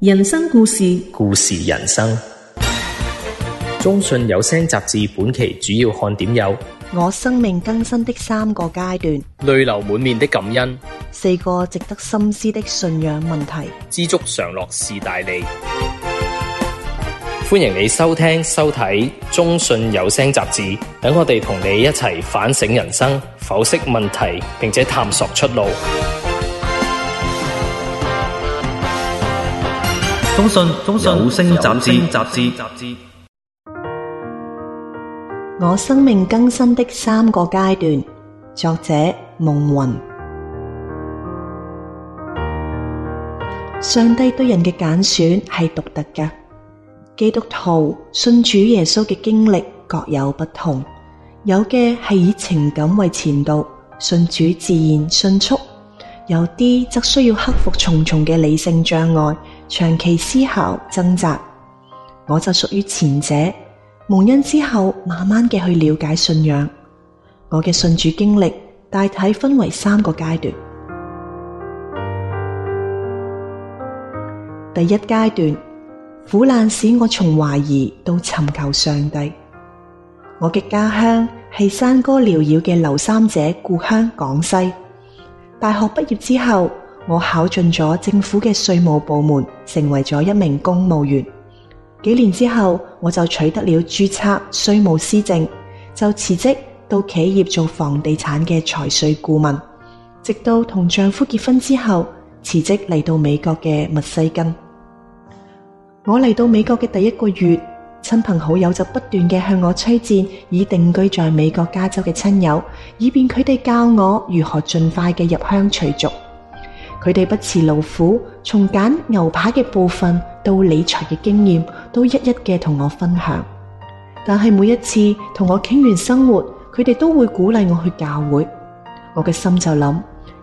人生故事，故事人生。中信有聲雜誌本期主要看點有：我生命更新的三個階段，階段淚流滿面的感恩，四個值得深思的信仰問題，知足常樂是大利。歡迎你收聽、收睇《中信有聲雜誌》，等我哋同你一齊反省人生、剖析問題，並且探索出路。中信，中信有聲雜誌，雜誌。我生命更新的三個階段，作者夢雲。上帝對人嘅揀選係獨特嘅。基督徒信主耶穌嘅經歷各有不同，有嘅係以情感為前導，信主自然迅速；有啲則需要克服重重嘅理性障礙。長期思考掙扎，我就屬於前者。蒙恩之後，慢慢嘅去了解信仰。我嘅信主經歷大體分為三個階段。第一階段，苦難使我從懷疑到尋求上帝。我嘅家鄉係山歌繚繞嘅劉三姐故鄉廣西。大學畢業之後。我考進咗政府嘅稅務部門，成為咗一名公務員。幾年之後，我就取得了注冊稅務師證，就辭職到企業做房地產嘅財稅顧問。直到同丈夫結婚之後，辭職嚟到美國嘅密西根。我嚟到美國嘅第一個月，親朋好友就不斷嘅向我推薦已定居在美國加州嘅親友，以便佢哋教我如何盡快嘅入鄉隨俗。佢哋不辭勞苦，從揀牛扒嘅部分到理財嘅經驗，都一一嘅同我分享。但係每一次同我傾完生活，佢哋都會鼓勵我去教會。我嘅心就諗，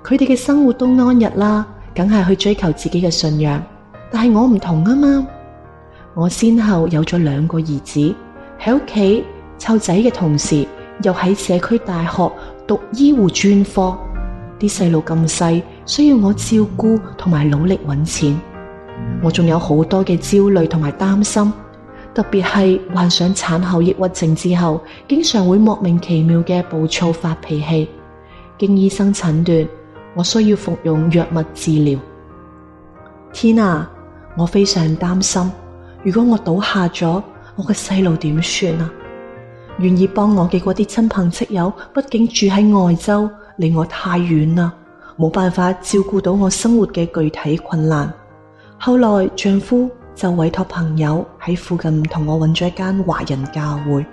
佢哋嘅生活都安逸啦，梗係去追求自己嘅信仰。但係我唔同啊嘛，我先後有咗兩個兒子喺屋企湊仔嘅同時，又喺社區大學讀醫護專科。啲細路咁細。需要我照顧同埋努力揾錢，我仲有好多嘅焦慮同埋擔心，特別係患上產後抑鬱症之後，經常會莫名其妙嘅暴躁發脾氣。經醫生診斷，我需要服用藥物治療。天啊，我非常擔心，如果我倒下咗，我嘅細路點算啊？願意幫我嘅嗰啲親朋戚友，畢竟住喺外州，離我太遠啦。冇辦法照顧到我生活嘅具體困難，後來丈夫就委託朋友喺附近同我揾咗一間華人教會。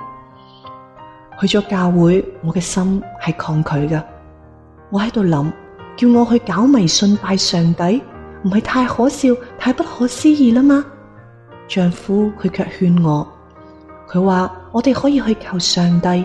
去咗教會，我嘅心係抗拒㗎，我喺度諗，叫我去搞迷信拜上帝，唔係太可笑、太不可思議啦嘛？丈夫佢卻勸我，佢話我哋可以去求上帝。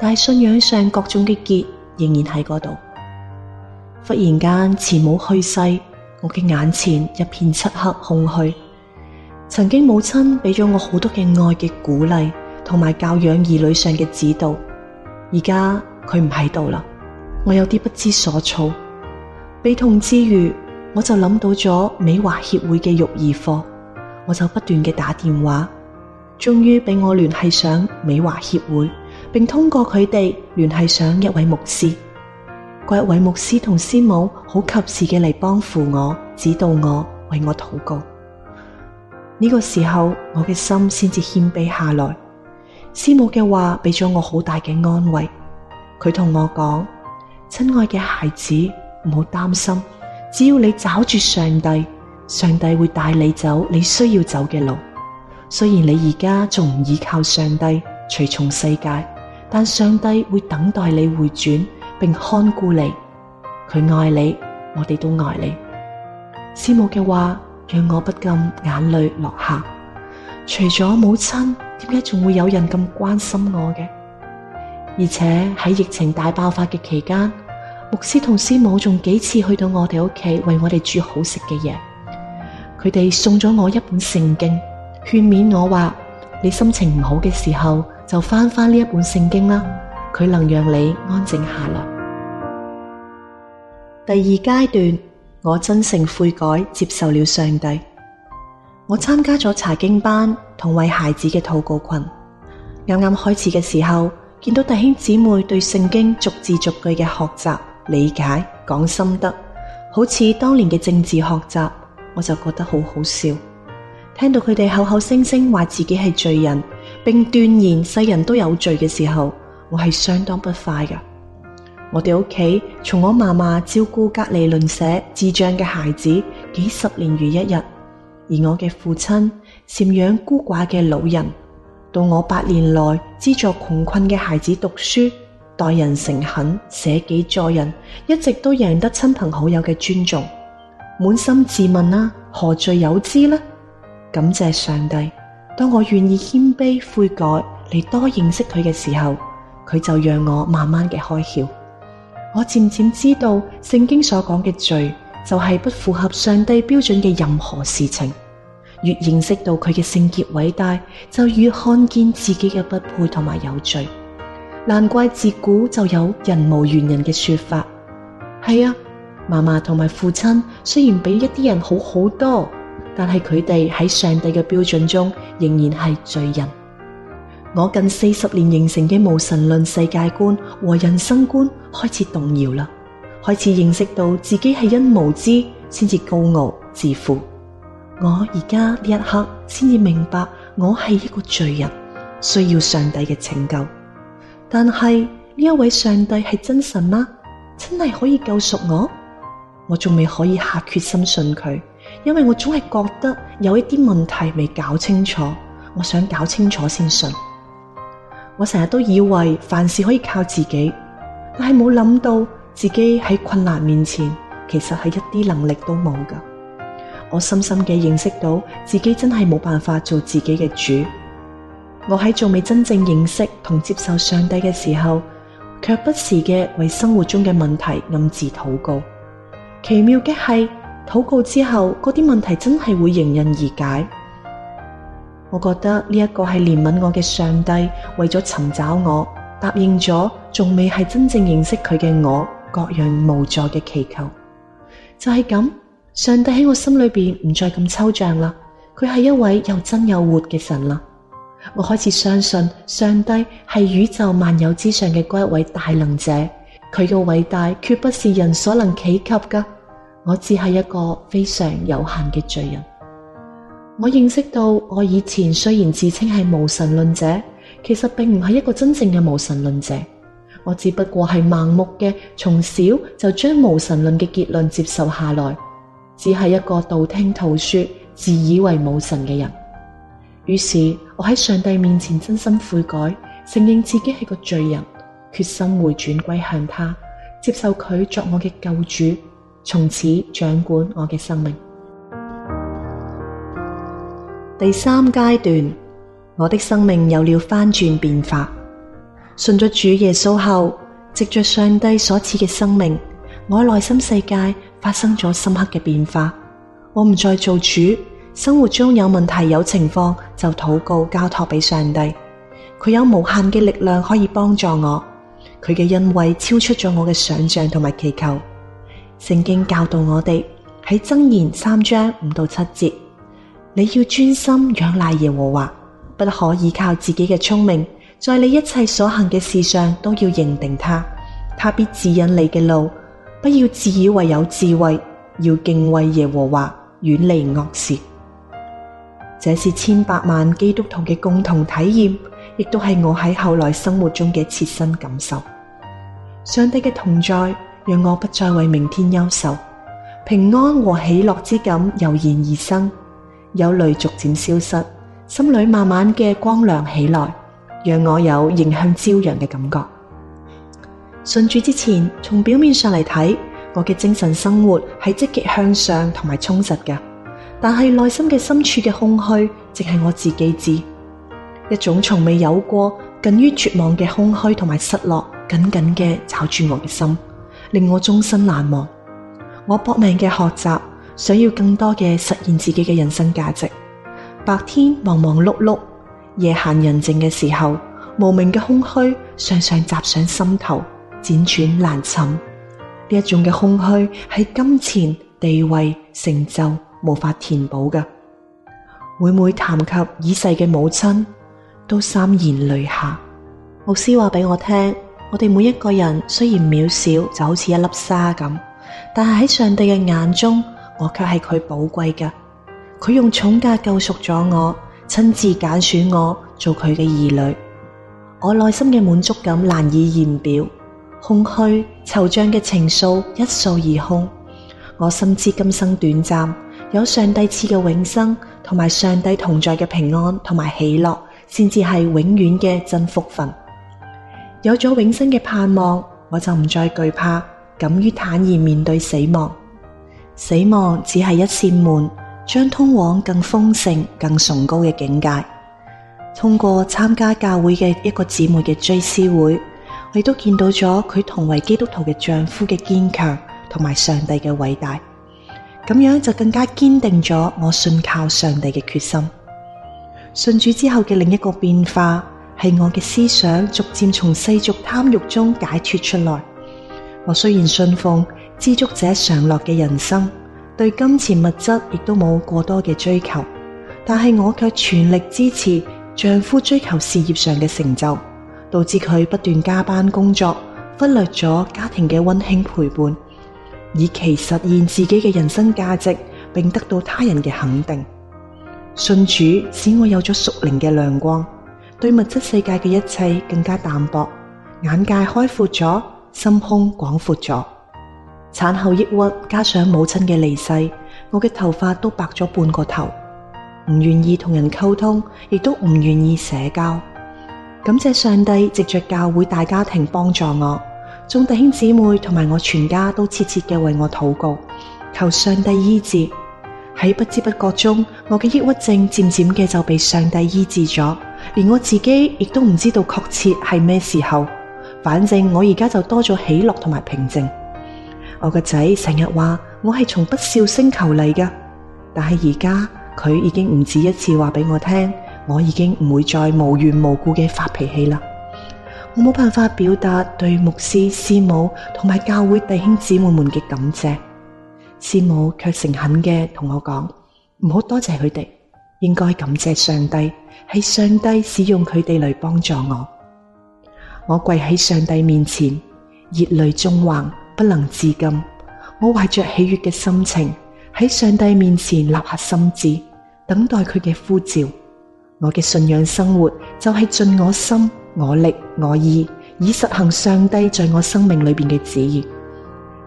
但係信仰上各種嘅結仍然喺嗰度。忽然間慈母去世，我嘅眼前一片漆黑空虛。曾經母親俾咗我好多嘅愛嘅鼓勵，同埋教養兒女上嘅指導。而家佢唔喺度啦，我有啲不知所措。悲痛之餘，我就諗到咗美華協會嘅育兒課，我就不斷嘅打電話，終於俾我聯繫上美華協會。並通過佢哋聯繫上一位牧師，嗰一位牧師同師母好及時嘅，嚟幫扶我、指導我、為我禱告。呢、這個時候我嘅心先至謙卑下來。師母嘅話俾咗我好大嘅安慰，佢同我講：親愛嘅孩子，唔好擔心，只要你找住上帝，上帝會帶你走你需要走嘅路。雖然你而家仲唔依靠上帝，隨從世界。但上帝會等待你回轉，並看顧你。佢愛你，我哋都愛你。師母嘅話，讓我不禁眼淚落下。除咗母親，點解仲會有人咁關心我嘅？而且喺疫情大爆發嘅期間，牧師同師母仲幾次去到我哋屋企，為我哋煮好食嘅嘢。佢哋送咗我一本聖經，勸勉我話：你心情唔好嘅時候，就翻翻呢一本聖經啦，佢能讓你安靜下來。第二階段，我真誠悔改，接受了上帝。我參加咗查經班同為孩子嘅禱告群。啱啱開始嘅時候，見到弟兄姊妹對聖經逐字逐句嘅學習、理解、講心得，好似當年嘅政治學習，我就覺得好好笑。聽到佢哋口口聲聲話自己係罪人。並斷言世人都有罪嘅時候，我係相當不快嘅。我哋屋企從我媽媽照顧隔籬鄰舍智障嘅孩子幾十年如一日，而我嘅父親贍養孤寡嘅老人，到我百年來資助窮困嘅孩子讀書，待人誠懇，捨己助人，一直都贏得親朋好友嘅尊重。滿心自問啦，啊，何罪有之呢？感謝上帝。當我願意謙卑悔，悔改嚟多認識佢嘅時候，佢就讓我慢慢嘅開竅。我漸漸知道聖經所講嘅罪就係、是、不符合上帝標準嘅任何事情。越認識到佢嘅聖潔偉大，就越看見自己嘅不配同埋有罪。難怪自古就有人無完人嘅說法。係啊，媽媽同埋父親雖然比一啲人好好多。但係佢哋喺上帝嘅標準中，仍然係罪人。我近四十年形成嘅無神論世界觀和人生觀開始動搖啦，開始認識到自己係因無知先至高傲自負。我而家呢一刻先至明白，我係一個罪人，需要上帝嘅拯救。但係呢一位上帝係真神嗎？真係可以救贖我？我仲未可以下決心信佢。因為我總係覺得有一啲問題未搞清楚，我想搞清楚先信。我成日都以為凡事可以靠自己，但係冇諗到自己喺困難面前其實係一啲能力都冇㗎。我深深嘅認識到自己真係冇辦法做自己嘅主。我喺仲未真正認識同接受上帝嘅時候，卻不時嘅為生活中嘅問題暗自禱告。奇妙嘅係，禱告之後，嗰啲問題真係會迎刃而解。我覺得呢一個係憐憫我嘅上帝，為咗尋找我，答應咗仲未係真正認識佢嘅我各樣無助嘅祈求，就係咁。上帝喺我心裏邊唔再咁抽象啦，佢係一位又真又活嘅神啦。我開始相信上帝係宇宙萬有之上嘅嗰一位大能者，佢嘅偉大絕不是人所能企及噶。我只係一個非常有限嘅罪人。我認識到我以前雖然自稱係無神論者，其實並唔係一個真正嘅無神論者。我只不過係盲目嘅，從小就將無神論嘅結論接受下來，只係一個道聽途說、自以為無神嘅人。於是我喺上帝面前真心悔改，承認自己係個罪人，決心回轉歸向他，接受佢作我嘅救主。從此掌管我嘅生命。第三階段，我的生命有了翻轉變化。信咗主耶穌後，藉着上帝所賜嘅生命，我內心世界發生咗深刻嘅變化。我唔再做主，生活中有問題有情況就禱告交託俾上帝，佢有無限嘅力量可以幫助我，佢嘅恩惠超出咗我嘅想象同埋祈求。聖經教導我哋喺箴言三章五到七節，你要專心仰賴耶和華，不可倚靠自己嘅聰明，在你一切所行嘅事上都要認定他，他必指引你嘅路。不要自以為有智慧，要敬畏耶和華，遠離惡事。這是千百萬基督徒嘅共同體驗，亦都係我喺後來生活中嘅切身感受。上帝嘅同在。讓我不再為明天憂愁，平安和喜樂之感油然而生，有淚逐漸消失，心裏慢慢嘅光亮起來，讓我有迎向朝陽嘅感覺。信主之前，從表面上嚟睇，我嘅精神生活係積極向上同埋充實嘅，但係內心嘅深處嘅空虛，淨係我自己知，一種從未有過近於絕望嘅空虛同埋失落，緊緊嘅抓住我嘅心。令我終身難忘。我搏命嘅學習，想要更多嘅實現自己嘅人生價值。白天忙忙碌碌，夜閒人靜嘅時候，無名嘅空虛常常襲上心頭，輾轉難寢。呢一種嘅空虛係金錢、地位、成就無法填補嘅。每每談及已逝嘅母親，都潸然淚下。牧師話俾我聽。我哋每一個人雖然渺小，就好似一粒沙咁，但係喺上帝嘅眼中，我卻係佢寶貴嘅。佢用重價救贖咗我，親自揀選我做佢嘅兒女。我內心嘅滿足感難以言表，空虛惆悵嘅情愫一掃而空。我深知今生短暫，有上帝賜嘅永生，同埋上帝同在嘅平安，同埋喜樂，先至係永遠嘅真福分。有咗永生嘅盼望，我就唔再懼怕，敢於坦然面對死亡。死亡只係一扇門，將通往更豐盛、更崇高嘅境界。通過參加教會嘅一個姊妹嘅追思會，我亦都見到咗佢同為基督徒嘅丈夫嘅堅強，同埋上帝嘅偉大。咁樣就更加堅定咗我信靠上帝嘅決心。信主之後嘅另一個變化。係我嘅思想逐漸從世俗貪慾中解脱出來。我雖然信奉知足者常樂嘅人生，對金錢物質亦都冇過多嘅追求，但係我卻全力支持丈夫追求事業上嘅成就，導致佢不斷加班工作，忽略咗家庭嘅溫馨陪伴，以期實現自己嘅人生價值，並得到他人嘅肯定。信主使我有咗屬靈嘅亮光。對物質世界嘅一切更加淡薄，眼界開闊咗，心胸廣闊咗。產後抑鬱加上母親嘅離世，我嘅頭髮都白咗半個頭，唔願意同人溝通，亦都唔願意社交。感謝上帝藉着教會大家庭幫助我，眾弟兄姊妹同埋我全家都切切嘅為我禱告，求上帝醫治。喺不知不覺中，我嘅抑鬱症漸漸嘅就被上帝醫治咗。連我自己亦都唔知道確切係咩時候，反正我而家就多咗喜樂同埋平靜。我個仔成日話我係從不笑星球嚟㗎，但係而家佢已經唔止一次話俾我聽，我已經唔會再無緣無故嘅發脾氣啦。我冇辦法表達對牧師、師母同埋教會弟兄姊妹們嘅感謝，師母卻誠懇嘅同我講唔好多謝佢哋。應該感謝上帝，係上帝使用佢哋嚟幫助我。我跪喺上帝面前，熱淚縱橫，不能自禁。我懷着喜悅嘅心情喺上帝面前立下心志，等待佢嘅呼召。我嘅信仰生活就係盡我心、我力、我意，以實行上帝在我生命裏邊嘅旨意。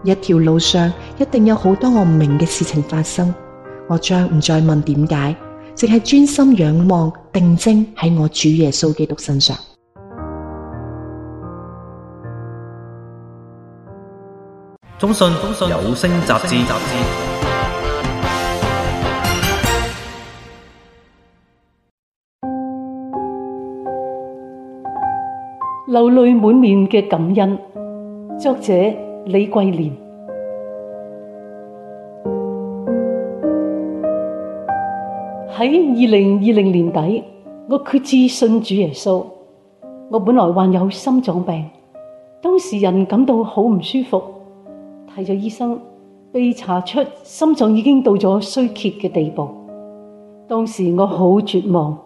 一條路上一定有好多我唔明嘅事情發生，我將唔再問點解。淨係專心仰望、定睛喺我主耶穌基督身上。中信有聲雜誌，流淚滿面嘅感恩，作者李桂蓮。喺二零二零年底，我決志信主耶穌。我本來患有心臟病，當時人感到好唔舒服，睇咗醫生，被查出心臟已經到咗衰竭嘅地步。當時我好絕望，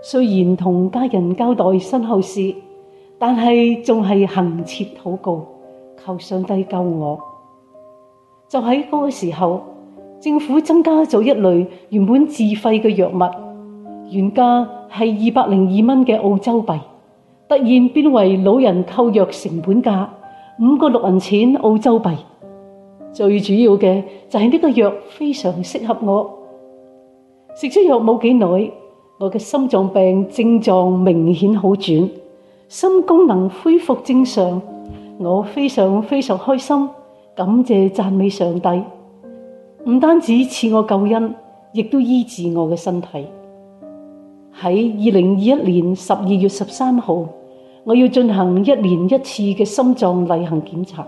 雖然同家人交代身後事，但係仲係恆切禱告，求上帝救我。就喺嗰個時候。政府增加咗一類原本自費嘅藥物，原價係二百零二蚊嘅澳洲幣，突然變為老人購藥成本價，五個六銀錢澳洲幣。最主要嘅就係呢個藥非常適合我，食咗藥冇幾耐，我嘅心臟病症狀明顯好轉，心功能恢復正常，我非常非常開心，感謝讚美上帝。唔單止賜我救恩，亦都醫治我嘅身體。喺二零二一年十二月十三號，我要進行一年一次嘅心臟例行檢查。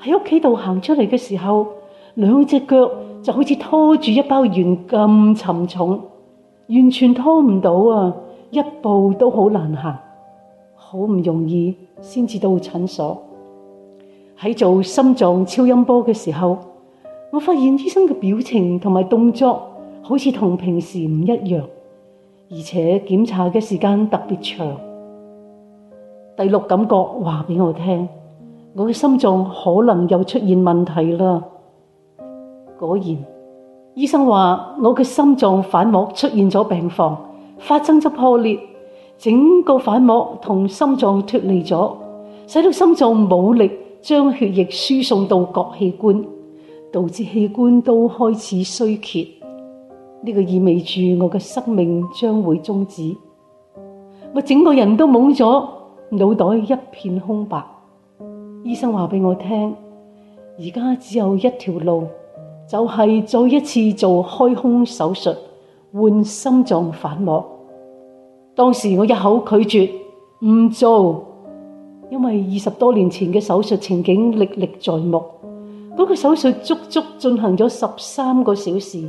喺屋企度行出嚟嘅時候，兩隻腳就好似拖住一包鉛咁沉重，完全拖唔到啊！一步都好難行，好唔容易先至到診所。喺做心臟超音波嘅時候。我發現醫生嘅表情同埋動作好似同平時唔一樣，而且檢查嘅時間特別長。第六感覺話俾我聽，我嘅心臟可能又出現問題啦。果然，醫生話我嘅心臟瓣膜出現咗病況，發生咗破裂，整個瓣膜同心臟脫離咗，使到心臟冇力將血液輸送到各器官。導致器官都開始衰竭，呢個意味住我嘅生命將會終止。我整個人都懵咗，腦袋一片空白。醫生話俾我聽，而家只有一條路，就係再一次做開胸手術，換心臟瓣膜。當時我一口拒絕唔做，因為二十多年前嘅手術情景歷歷在目。嗰個手術足足進行咗十三個小時，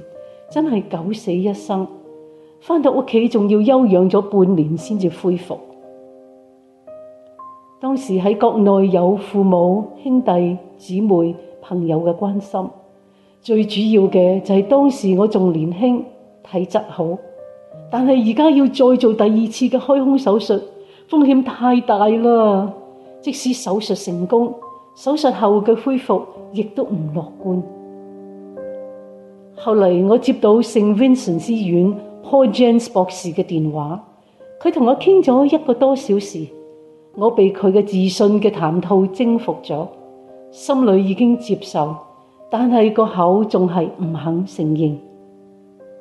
真係九死一生。返到屋企仲要休養咗半年先至恢復。當時喺國內有父母、兄弟、姊妹、朋友嘅關心，最主要嘅就係當時我仲年輕，體質好。但係而家要再做第二次嘅開胸手術，風險太大啦。即使手術成功，手術後嘅恢復亦都唔樂觀。後嚟我接到聖 Vincent 醫院 Hodgins 博士嘅電話，佢同我傾咗一個多小時，我被佢嘅自信嘅談吐征服咗，心裏已經接受，但係個口仲係唔肯承認。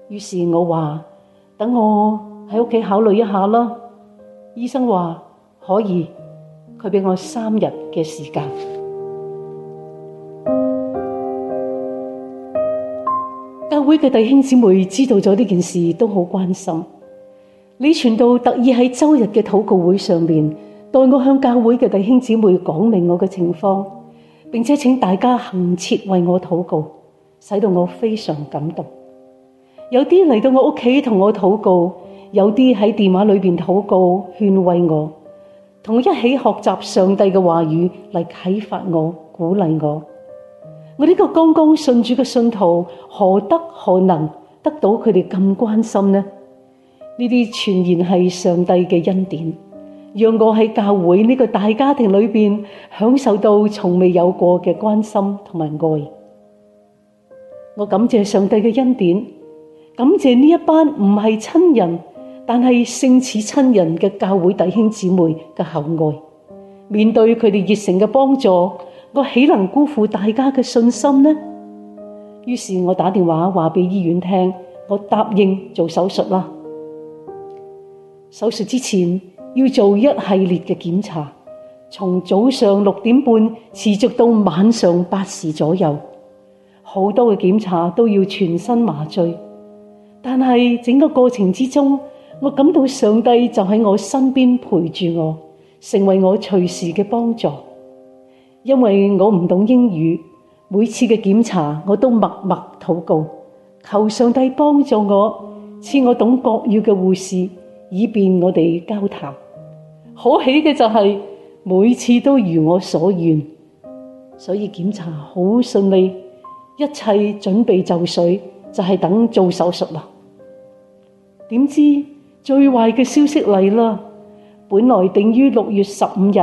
於是我話：等我喺屋企考慮一下咯。醫生話可以，佢俾我三日嘅時間。教會嘅弟兄姊妹知道咗呢件事都好關心，李傳道特意喺周日嘅禱告會上面代我向教會嘅弟兄姊妹講明我嘅情況，並且請大家恆切為我禱告，使到我非常感動。有啲嚟到我屋企同我禱告，有啲喺電話裏邊禱告勸慰我，同我一起學習上帝嘅話語嚟啟發我、鼓勵我。我呢個剛剛信主嘅信徒，何德何能得到佢哋咁關心呢？呢啲全然係上帝嘅恩典，讓我喺教會呢個大家庭裏面享受到從未有過嘅關心同埋愛。我感謝上帝嘅恩典，感謝呢一班唔係親人但係勝似親人嘅教會弟兄姊妹嘅厚愛，面對佢哋熱誠嘅幫助。我豈能辜負大家嘅信心呢？於是我打電話話俾醫院聽，我答應做手術啦。手術之前要做一系列嘅檢查，從早上六點半持續到晚上八時左右。好多嘅檢查都要全身麻醉，但係整個過程之中，我感到上帝就喺我身邊陪住我，成為我隨時嘅幫助。因為我唔懂英語，每次嘅檢查我都默默禱告，求上帝幫助我，賜我懂國語嘅護士，以便我哋交談。可喜嘅就係，每次都如我所願，所以檢查好順利，一切準備就緒，就係等做手術啦。點知最壞嘅消息嚟啦！本來定於六月十五日。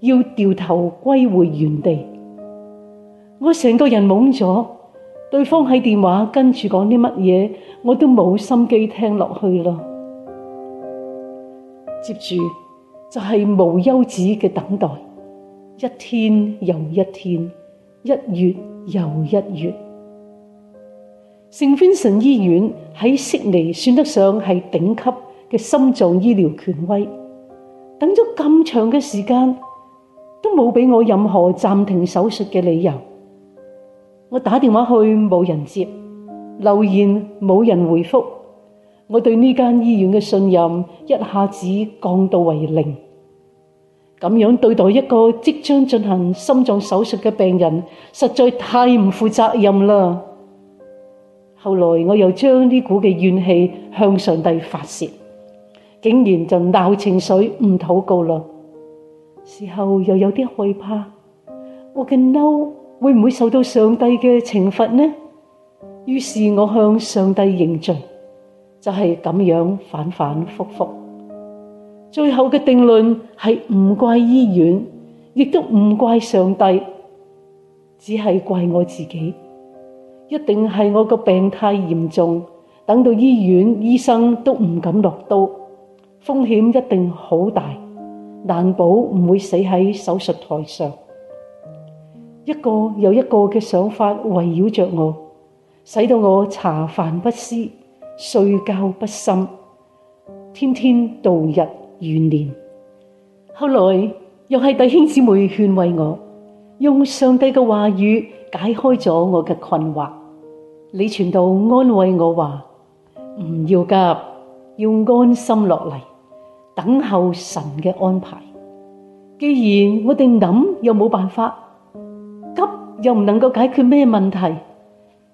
要掉頭歸回原地，我成個人懵咗。對方喺電話跟住講啲乜嘢，我都冇心機聽落去咯。接住就係無休止嘅等待，一天又一天，一月又一月。聖芬神醫院喺悉尼算得上係頂級嘅心臟醫療權威，等咗咁長嘅時間。都冇俾我任何暫停手術嘅理由，我打電話去冇人接，留言冇人回覆，我對呢間醫院嘅信任一下子降到為零。咁樣對待一個即將進行心臟手術嘅病人，實在太唔負責任啦。後來我又將呢股嘅怨氣向上帝發洩，竟然就鬧情緒唔禱告啦。時候又有啲害怕，我嘅嬲會唔會受到上帝嘅懲罰呢？於是我向上帝認罪，就係咁樣反反复复。最後嘅定論係唔怪醫院，亦都唔怪上帝，只係怪我自己。一定係我個病太嚴重，等到醫院醫生都唔敢落刀，風險一定好大。難保唔會死喺手術台上，一個又一個嘅想法圍繞着我，使到我茶飯不思、睡覺不深，天天度日如年。後來又係弟兄姊妹勸慰我，用上帝嘅話語解開咗我嘅困惑。你傳道安慰我話：唔要急，要安心落嚟。等候神嘅安排。既然我哋諗又冇辦法，急又唔能夠解決咩問題，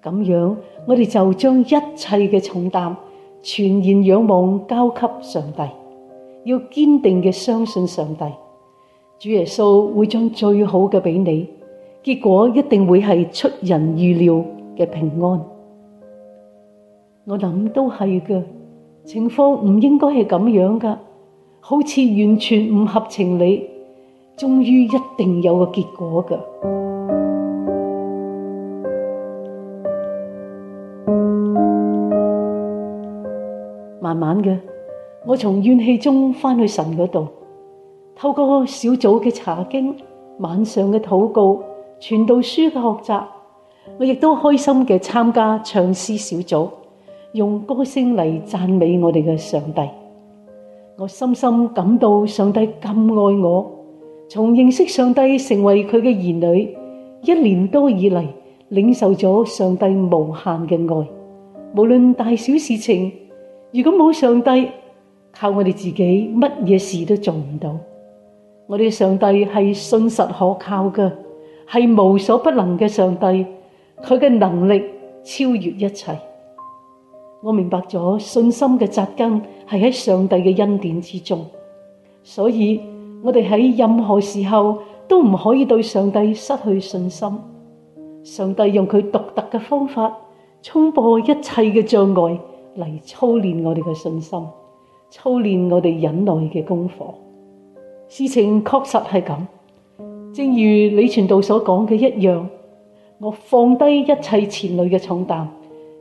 咁樣我哋就將一切嘅重擔全然仰望，交給上帝。要堅定嘅相信上帝，主耶穌會將最好嘅俾你，結果一定會係出人預料嘅平安。我諗都係嘅情況唔應該係咁樣噶。好似完全唔合情理，終於一定有個結果嘅。慢慢嘅，我從怨氣中翻去神嗰度，透過小組嘅查經、晚上嘅禱告、傳道書嘅學習，我亦都開心嘅參加唱詩小組，用歌聲嚟讚美我哋嘅上帝。我深深感到上帝咁愛我，從認識上帝成為佢嘅兒女，一年多以嚟，領受咗上帝無限嘅愛。無論大小事情，如果冇上帝，靠我哋自己乜嘢事都做唔到。我哋上帝係信實可靠嘅，係無所不能嘅上帝，佢嘅能力超越一切。我明白咗信心嘅扎根係喺上帝嘅恩典之中，所以我哋喺任何時候都唔可以對上帝失去信心。上帝用佢獨特嘅方法衝破一切嘅障礙嚟操練我哋嘅信心，操練我哋忍耐嘅功課。事情確實係咁，正如李傳道所講嘅一樣，我放低一切前累嘅重擔。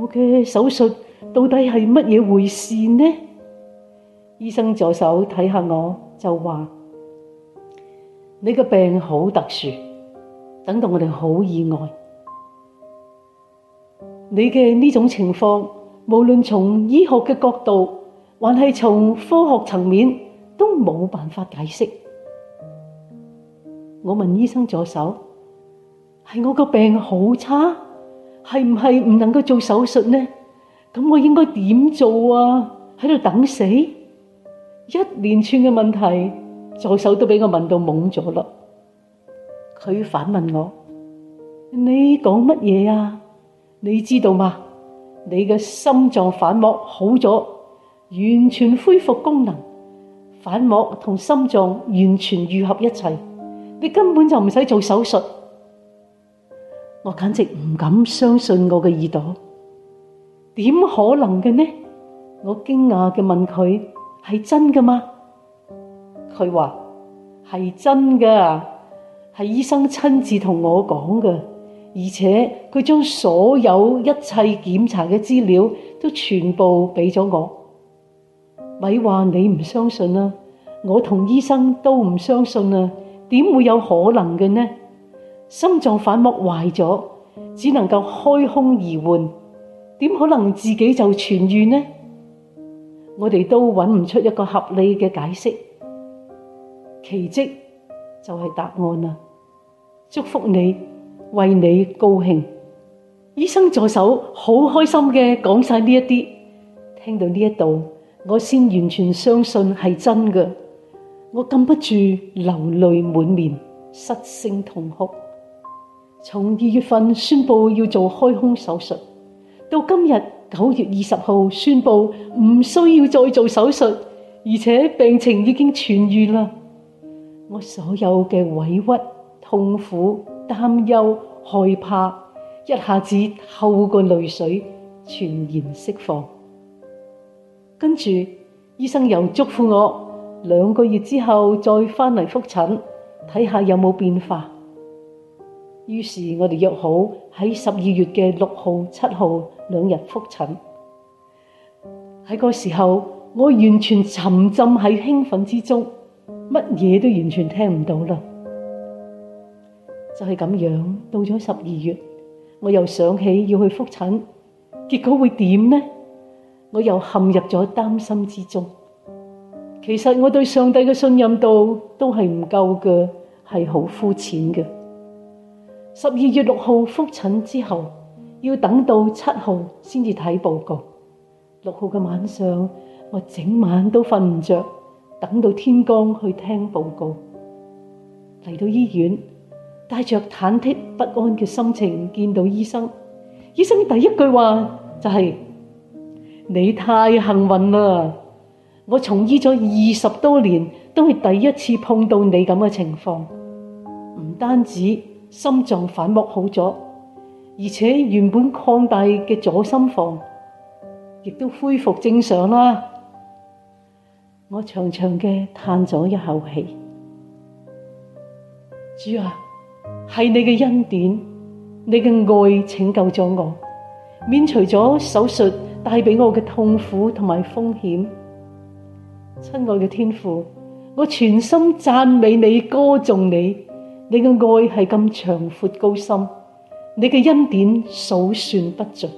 我嘅手術到底係乜嘢回事呢？醫生助手睇下我就話：你嘅病好特殊，等到我哋好意外。你嘅呢種情況，無論從醫學嘅角度，還係從科學層面，都冇辦法解釋。我問醫生助手：係我個病好差？係唔係唔能夠做手術呢？咁我應該點做啊？喺度等死？一連串嘅問題，助手都俾我問到懵咗咯。佢反問我：你講乜嘢啊？你知道嘛？你嘅心臟瓣膜好咗，完全恢復功能，瓣膜同心臟完全愈合一齊，你根本就唔使做手術。我簡直唔敢相信我嘅耳朵，點可能嘅呢？我驚訝嘅問佢：係真嘅嗎？佢話係真嘅，係醫生親自同我講嘅，而且佢將所有一切檢查嘅資料都全部俾咗我。咪話你唔相信啦，我同醫生都唔相信啦，點會有可能嘅呢？心臟瓣膜壞咗，只能夠開胸而換，點可能自己就痊癒呢？我哋都揾唔出一個合理嘅解釋，奇蹟就係答案啦！祝福你，為你高興。醫生助手好開心嘅講晒呢一啲，聽到呢一度，我先完全相信係真㗎，我禁不住流淚滿面，失聲痛哭。從二月份宣布要做開胸手術，到今日九月二十號宣布唔需要再做手術，而且病情已經痊癒啦。我所有嘅委屈、痛苦、擔憂、害怕，一下子透過淚水全然釋放。跟住醫生又囑咐我兩個月之後再翻嚟復診，睇下有冇變化。於是，我哋約好喺十二月嘅六號、七號兩日復診。喺嗰時候，我完全沉浸喺興奮之中，乜嘢都完全聽唔到啦。就係咁樣，到咗十二月，我又想起要去復診，結果會點呢？我又陷入咗擔心之中。其實我對上帝嘅信任度都係唔夠嘅，係好膚淺嘅。十二月六號復診之後，要等到七號先至睇報告。六號嘅晚上，我整晚都瞓唔著，等到天光去聽報告。嚟到醫院，帶著忐忑不安嘅心情見到醫生。醫生第一句話就係：你太幸運啦！我從醫咗二十多年，都係第一次碰到你咁嘅情況，唔單止，心臟瓣膜好咗，而且原本擴大嘅左心房亦都恢復正常啦。我長長嘅嘆咗一口氣。主啊，係你嘅恩典，你嘅愛拯救咗我，免除咗手術帶俾我嘅痛苦同埋風險。親愛嘅天父，我全心讚美你，歌頌你。你嘅愛係咁長闊高深，你嘅恩典數算不盡。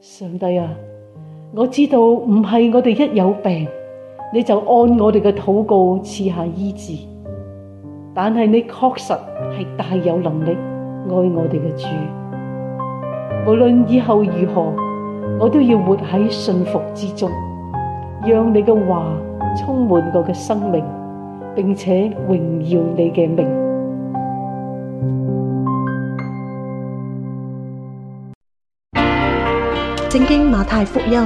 上帝啊，我知道唔係我哋一有病，你就按我哋嘅禱告賜下醫治。但係你確實係大有能力愛我哋嘅主。無論以後如何，我都要活喺信服之中，讓你嘅話充滿我嘅生命。並且榮耀你嘅名。正經馬太福音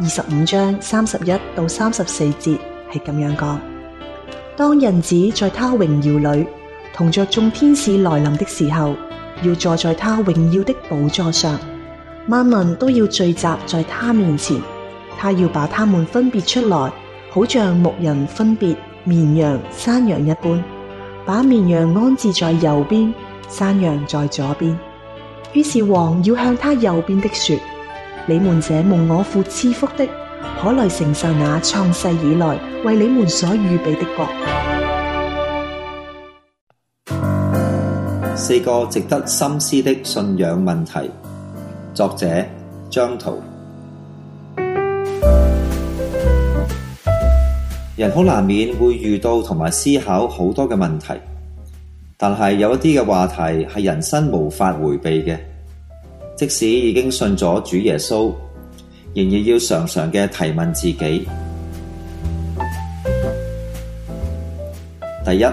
二十五章三十一到三十四節係咁樣講：當人子在他榮耀裏同著眾天使來臨的時候，要坐在他榮耀的寶座上，萬民都要聚集在他面前，他要把他們分別出來，好像牧人分別。綿羊、山羊一般，把綿羊安置在右邊，山羊在左邊。於是王要向他右邊的說：你們這蒙我父賜福的，可來承受那創世以來為你們所預備的國。四個值得深思的信仰問題，作者張濤。人好難免會遇到同埋思考好多嘅問題，但係有一啲嘅話題係人生無法回避嘅，即使已經信咗主耶穌，仍然要要常常嘅提問自己。第一，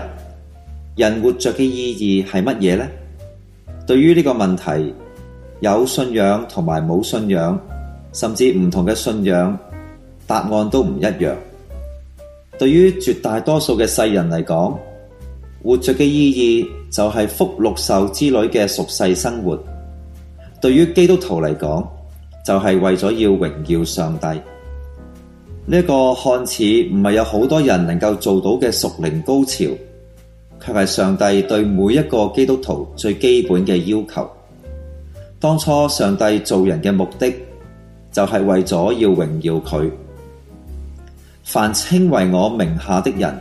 人活着嘅意義係乜嘢呢？對於呢個問題，有信仰同埋冇信仰，甚至唔同嘅信仰，答案都唔一樣。對於絕大多數嘅世人嚟講，活着嘅意義就係福禄壽之類嘅俗世生活；對於基督徒嚟講，就係、是、為咗要榮耀上帝。呢、這、一個看似唔係有好多人能夠做到嘅屬靈高潮，卻係上帝對每一個基督徒最基本嘅要求。當初上帝造人嘅目的，就係為咗要榮耀佢。凡稱為我名下的人，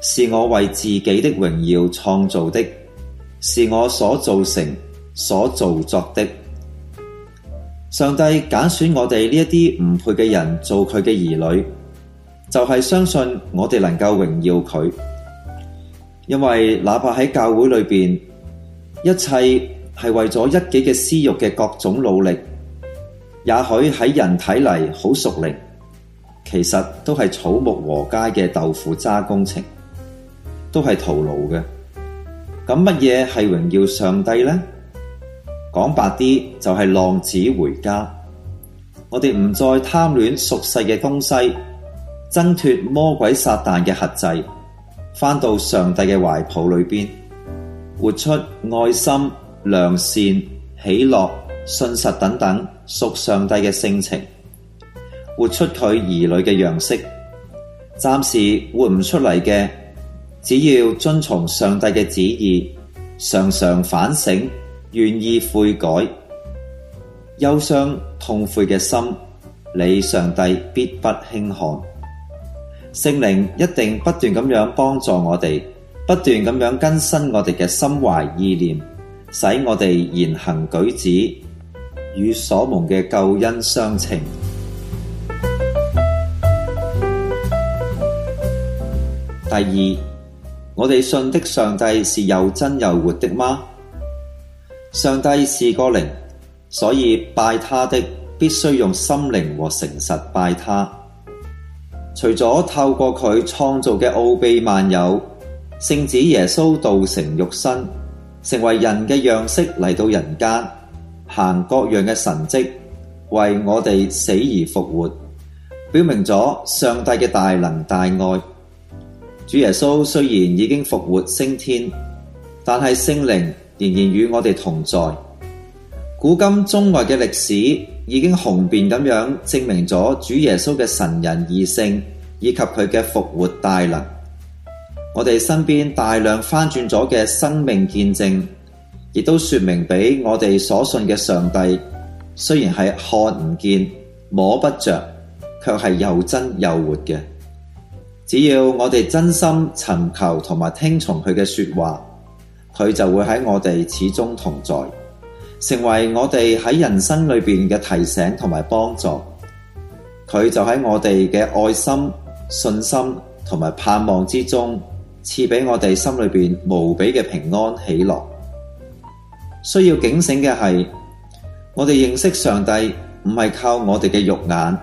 是我為自己的榮耀創造的，是我所造成、所造作的。上帝揀選我哋呢一啲唔配嘅人做佢嘅兒女，就係、是、相信我哋能夠榮耀佢。因為哪怕喺教會裏邊，一切係為咗一己嘅私欲嘅各種努力，也許喺人睇嚟好屬靈。其實都係草木禾秸嘅豆腐渣工程，都係徒勞嘅。咁乜嘢係榮耀上帝呢？講白啲就係浪子回家。我哋唔再貪戀俗世嘅東西，掙脫魔鬼撒但嘅轄制，返到上帝嘅懷抱裏邊，活出愛心、良善、喜樂、信實等等屬上帝嘅性情。活出佢兒女嘅樣式，暫時活唔出嚟嘅，只要遵從上帝嘅旨意，常常反省，願意悔改，憂傷痛悔嘅心，你上帝必不輕看，聖靈一定不斷咁樣幫助我哋，不斷咁樣更新我哋嘅心懷意念，使我哋言行舉止，與所蒙嘅救恩相稱。第二，我哋信的上帝是又真又活的嗎？上帝是個靈，所以拜他的必須用心靈和誠實拜他。除咗透過佢創造嘅奧秘萬有，聖子耶穌道成肉身，成為人嘅樣式嚟到人間，行各樣嘅神蹟，為我哋死而復活，表明咗上帝嘅大能大愛。主耶穌雖然已經復活升天，但係聖靈仍然與我哋同在。古今中外嘅歷史已經紅遍咁樣證明咗主耶穌嘅神人二性，以及佢嘅復活大能。我哋身邊大量翻轉咗嘅生命見證，亦都說明俾我哋所信嘅上帝，雖然係看唔見、摸不着，卻係又真又活嘅。只要我哋真心尋求同埋聽從佢嘅說話，佢就會喺我哋始終同在，成為我哋喺人生裏邊嘅提醒同埋幫助。佢就喺我哋嘅愛心、信心同埋盼望之中，賜俾我哋心裏邊無比嘅平安喜樂。需要警醒嘅係，我哋認識上帝唔係靠我哋嘅肉眼，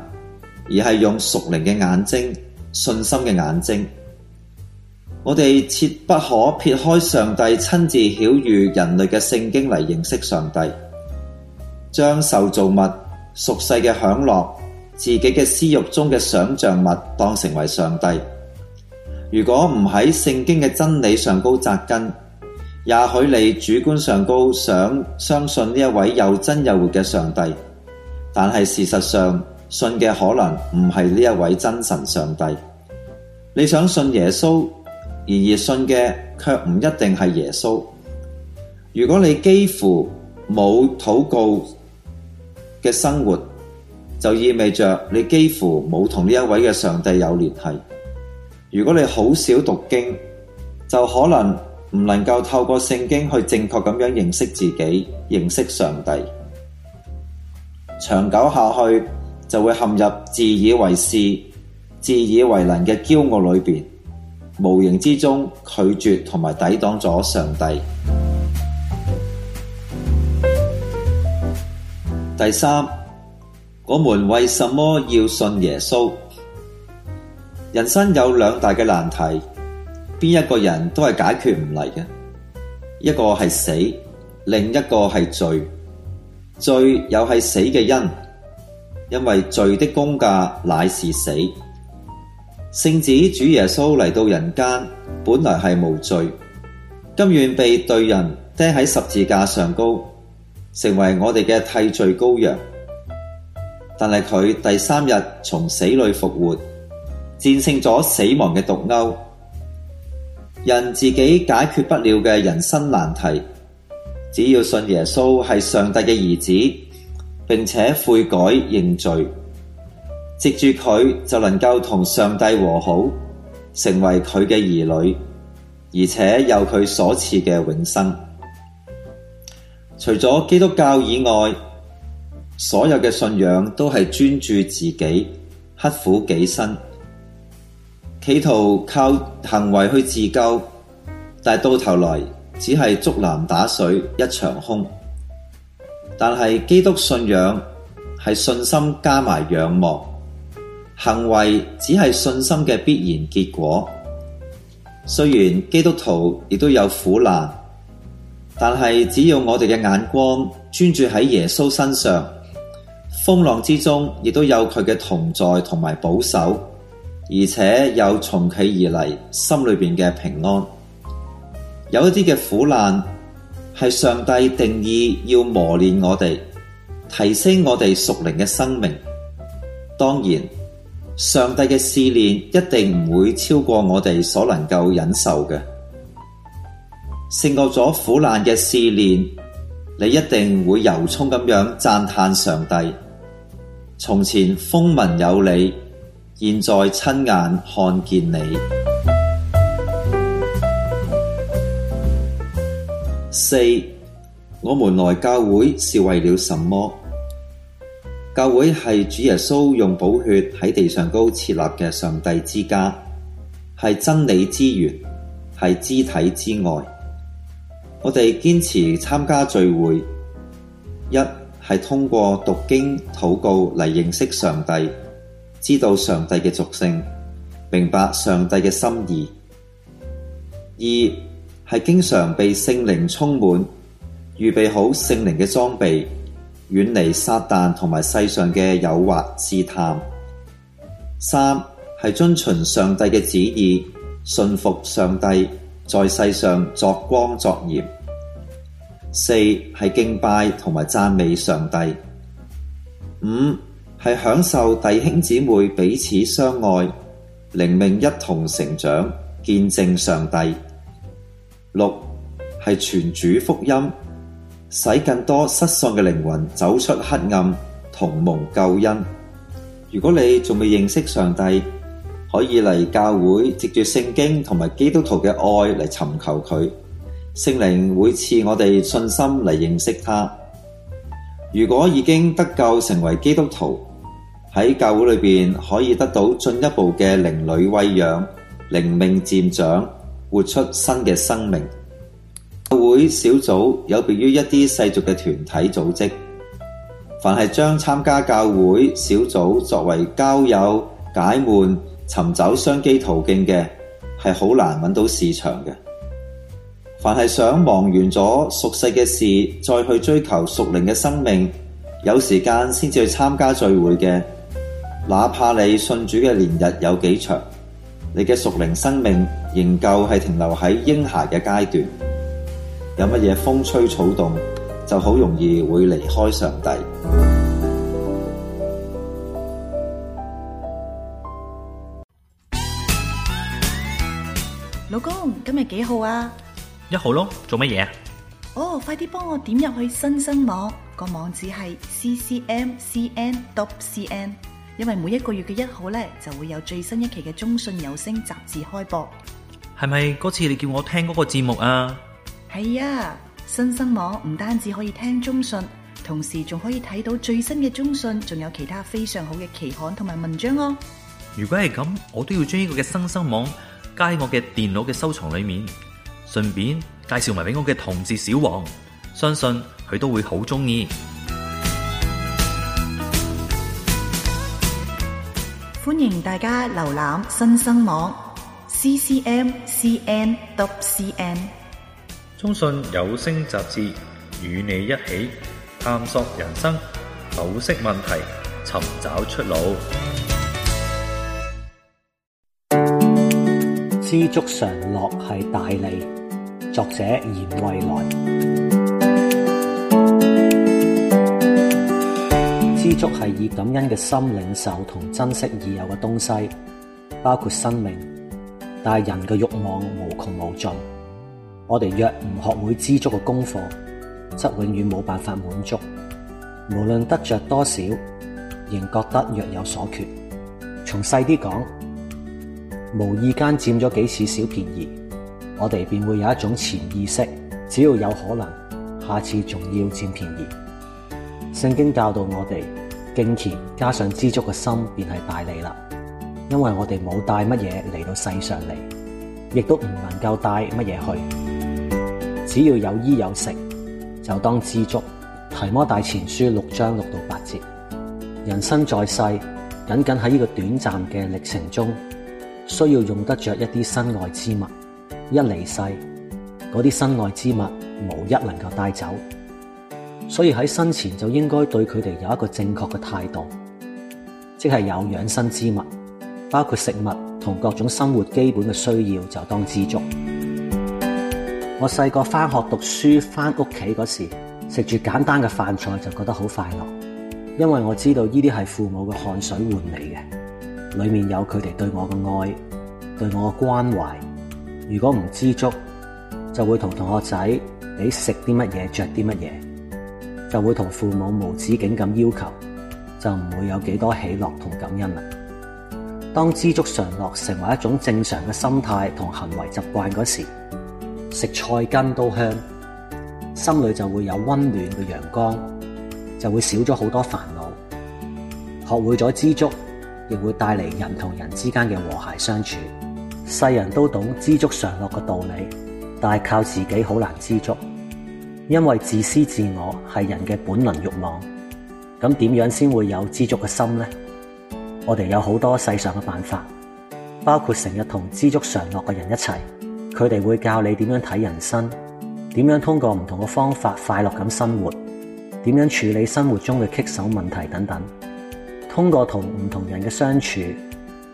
而係用屬靈嘅眼睛。信心嘅眼睛，我哋切不可撇開上帝親自曉諭人類嘅聖經嚟認識上帝，將受造物、俗世嘅享樂、自己嘅私欲中嘅想象物當成為上帝。如果唔喺聖經嘅真理上高扎根，也許你主觀上高想相信呢一位有真有活嘅上帝，但係事實上。信嘅可能唔係呢一位真神上帝，你想信耶穌，而而信嘅卻唔一定係耶穌。如果你幾乎冇禱告嘅生活，就意味着你幾乎冇同呢一位嘅上帝有聯繫。如果你好少讀經，就可能唔能夠透過聖經去正確咁樣認識自己，認識上帝。長久下去。就會陷入自以為是、自以為能嘅驕傲裏邊，無形之中拒絕同埋抵擋咗上帝。第三，我們為什麼要信耶穌？人生有兩大嘅難題，邊一個人都係解決唔嚟嘅，一個係死，另一個係罪，罪又係死嘅因。因為罪的工價乃是死，聖子主耶穌嚟到人間本來係無罪，甘願被對人釘喺十字架上高，成為我哋嘅替罪羔羊。但係佢第三日從死裏復活，戰勝咗死亡嘅毒鈎，人自己解決不了嘅人生難題，只要信耶穌係上帝嘅兒子。並且悔改認罪，藉住佢就能夠同上帝和好，成為佢嘅兒女，而且有佢所賜嘅永生。除咗基督教以外，所有嘅信仰都係專注自己，刻苦己身，企圖靠行為去自救，但到頭來只係竹籃打水一場空。但係基督信仰係信心加埋仰望，行為只係信心嘅必然結果。雖然基督徒亦都有苦難，但係只要我哋嘅眼光專注喺耶穌身上，風浪之中亦都有佢嘅同在同埋保守，而且有從佢而嚟心裏邊嘅平安。有一啲嘅苦難，係上帝定意要磨練我哋，提升我哋屬靈嘅生命。當然，上帝嘅試煉一定唔會超過我哋所能夠忍受嘅。勝過咗苦難嘅試煉，你一定會由衷咁樣讚嘆上帝。從前風聞有你，現在親眼看見你。四，我們來教會是為了什麼？教會係主耶穌用寶血喺地上高設立嘅上帝之家，係真理之源，係肢體之外。我哋堅持參加聚會，一係通過讀經、禱告嚟認識上帝，知道上帝嘅屬性，明白上帝嘅心意。二。係經常被聖靈充滿，預備好聖靈嘅裝備，遠離撒旦同埋世上嘅誘惑試探。三係遵循上帝嘅旨意，信服上帝，在世上作光作鹽。四係敬拜同埋讚美上帝。五係享受弟兄姊妹彼此相愛，靈命一同成長，見證上帝。六係傳主福音，使更多失喪嘅靈魂走出黑暗，同蒙救恩。如果你仲未認識上帝，可以嚟教會，藉住聖經同埋基督徒嘅愛嚟尋求佢。聖靈會賜我哋信心嚟認識他。如果已經得救成為基督徒，喺教會裏邊可以得到進一步嘅靈裏餵養，靈命漸長，活出新嘅生命。教會小組有別於一啲世俗嘅團體組織，凡係將參加教會小組作為交友、解悶、尋找商機途徑嘅，係好難揾到市場嘅。凡係想忙完咗屬世嘅事，再去追求屬靈嘅生命，有時間先至去參加聚會嘅，哪怕你信主嘅年日有幾長，你嘅屬靈生命仍舊係停留喺嬰孩嘅階段，有乜嘢風吹草動，就好容易會離開上帝。老公，今日幾號啊？一號咯，做乜嘢？哦，快啲幫我點入去新生網，個網址係 c c m c n dot c n。因為每一個月嘅一號呢，就會有最新一期嘅《中信有聲》雜誌開播。係咪嗰次你叫我聽嗰個節目啊？係啊，新生網唔單止可以聽中信，同時仲可以睇到最新嘅中信，仲有其他非常好嘅期刊同埋文章哦。如果係咁，我都要將呢個嘅新生網加喺我嘅電腦嘅收藏裏面，順便介紹埋俾我嘅同事小王，相信佢都會好中意。歡迎大家瀏覽新生網，CCM CN WCN。中信有聲雜誌與你一起探索人生，剖析問題，尋找出路。知足常樂係大利，作者：嚴惠來。足係以感恩嘅心領受同珍惜已有嘅東西，包括生命。但人嘅慾望無窮無盡，我哋若唔學會知足嘅功課，則永遠冇辦法滿足。無論得着多少，仍覺得若有所缺。從細啲講，無意間佔咗幾次小便宜，我哋便會有一種潛意識，只要有可能，下次仲要佔便宜。聖經教導我哋，敬虔加上知足嘅心，便係大利啦。因為我哋冇帶乜嘢嚟到世上嚟，亦都唔能夠帶乜嘢去。只要有衣有食，就當知足。《提摩太前書》六章六到八節，人生在世，僅僅喺呢個短暫嘅歷程中，需要用得着一啲身外之物。一離世，嗰啲身外之物，無一能夠帶走。所以喺生前就應該對佢哋有一個正確嘅態度，即係有養生之物，包括食物同各種生活基本嘅需要就當知足。我細個翻學讀書，翻屋企嗰時食住簡單嘅飯菜就覺得好快樂，因為我知道呢啲係父母嘅汗水換嚟嘅，裏面有佢哋對我嘅愛，對我嘅關懷。如果唔知足，就會同同學仔你食啲乜嘢，着啲乜嘢。就會同父母無止境咁要求，就唔會有幾多喜樂同感恩啦。當知足常樂成為一種正常嘅心態同行為習慣嗰時，食菜根都香，心裏就會有溫暖嘅陽光，就會少咗好多煩惱。學會咗知足，亦會帶嚟人同人之間嘅和諧相處。世人都懂知足常樂嘅道理，但係靠自己好難知足。因為自私自我係人嘅本能慾望，咁點樣先會有知足嘅心呢？我哋有好多世上嘅辦法，包括成日同知足常樂嘅人一齊，佢哋會教你點樣睇人生，點樣通過唔同嘅方法快樂咁生活，點樣處理生活中嘅棘手問題等等。通過同唔同人嘅相處，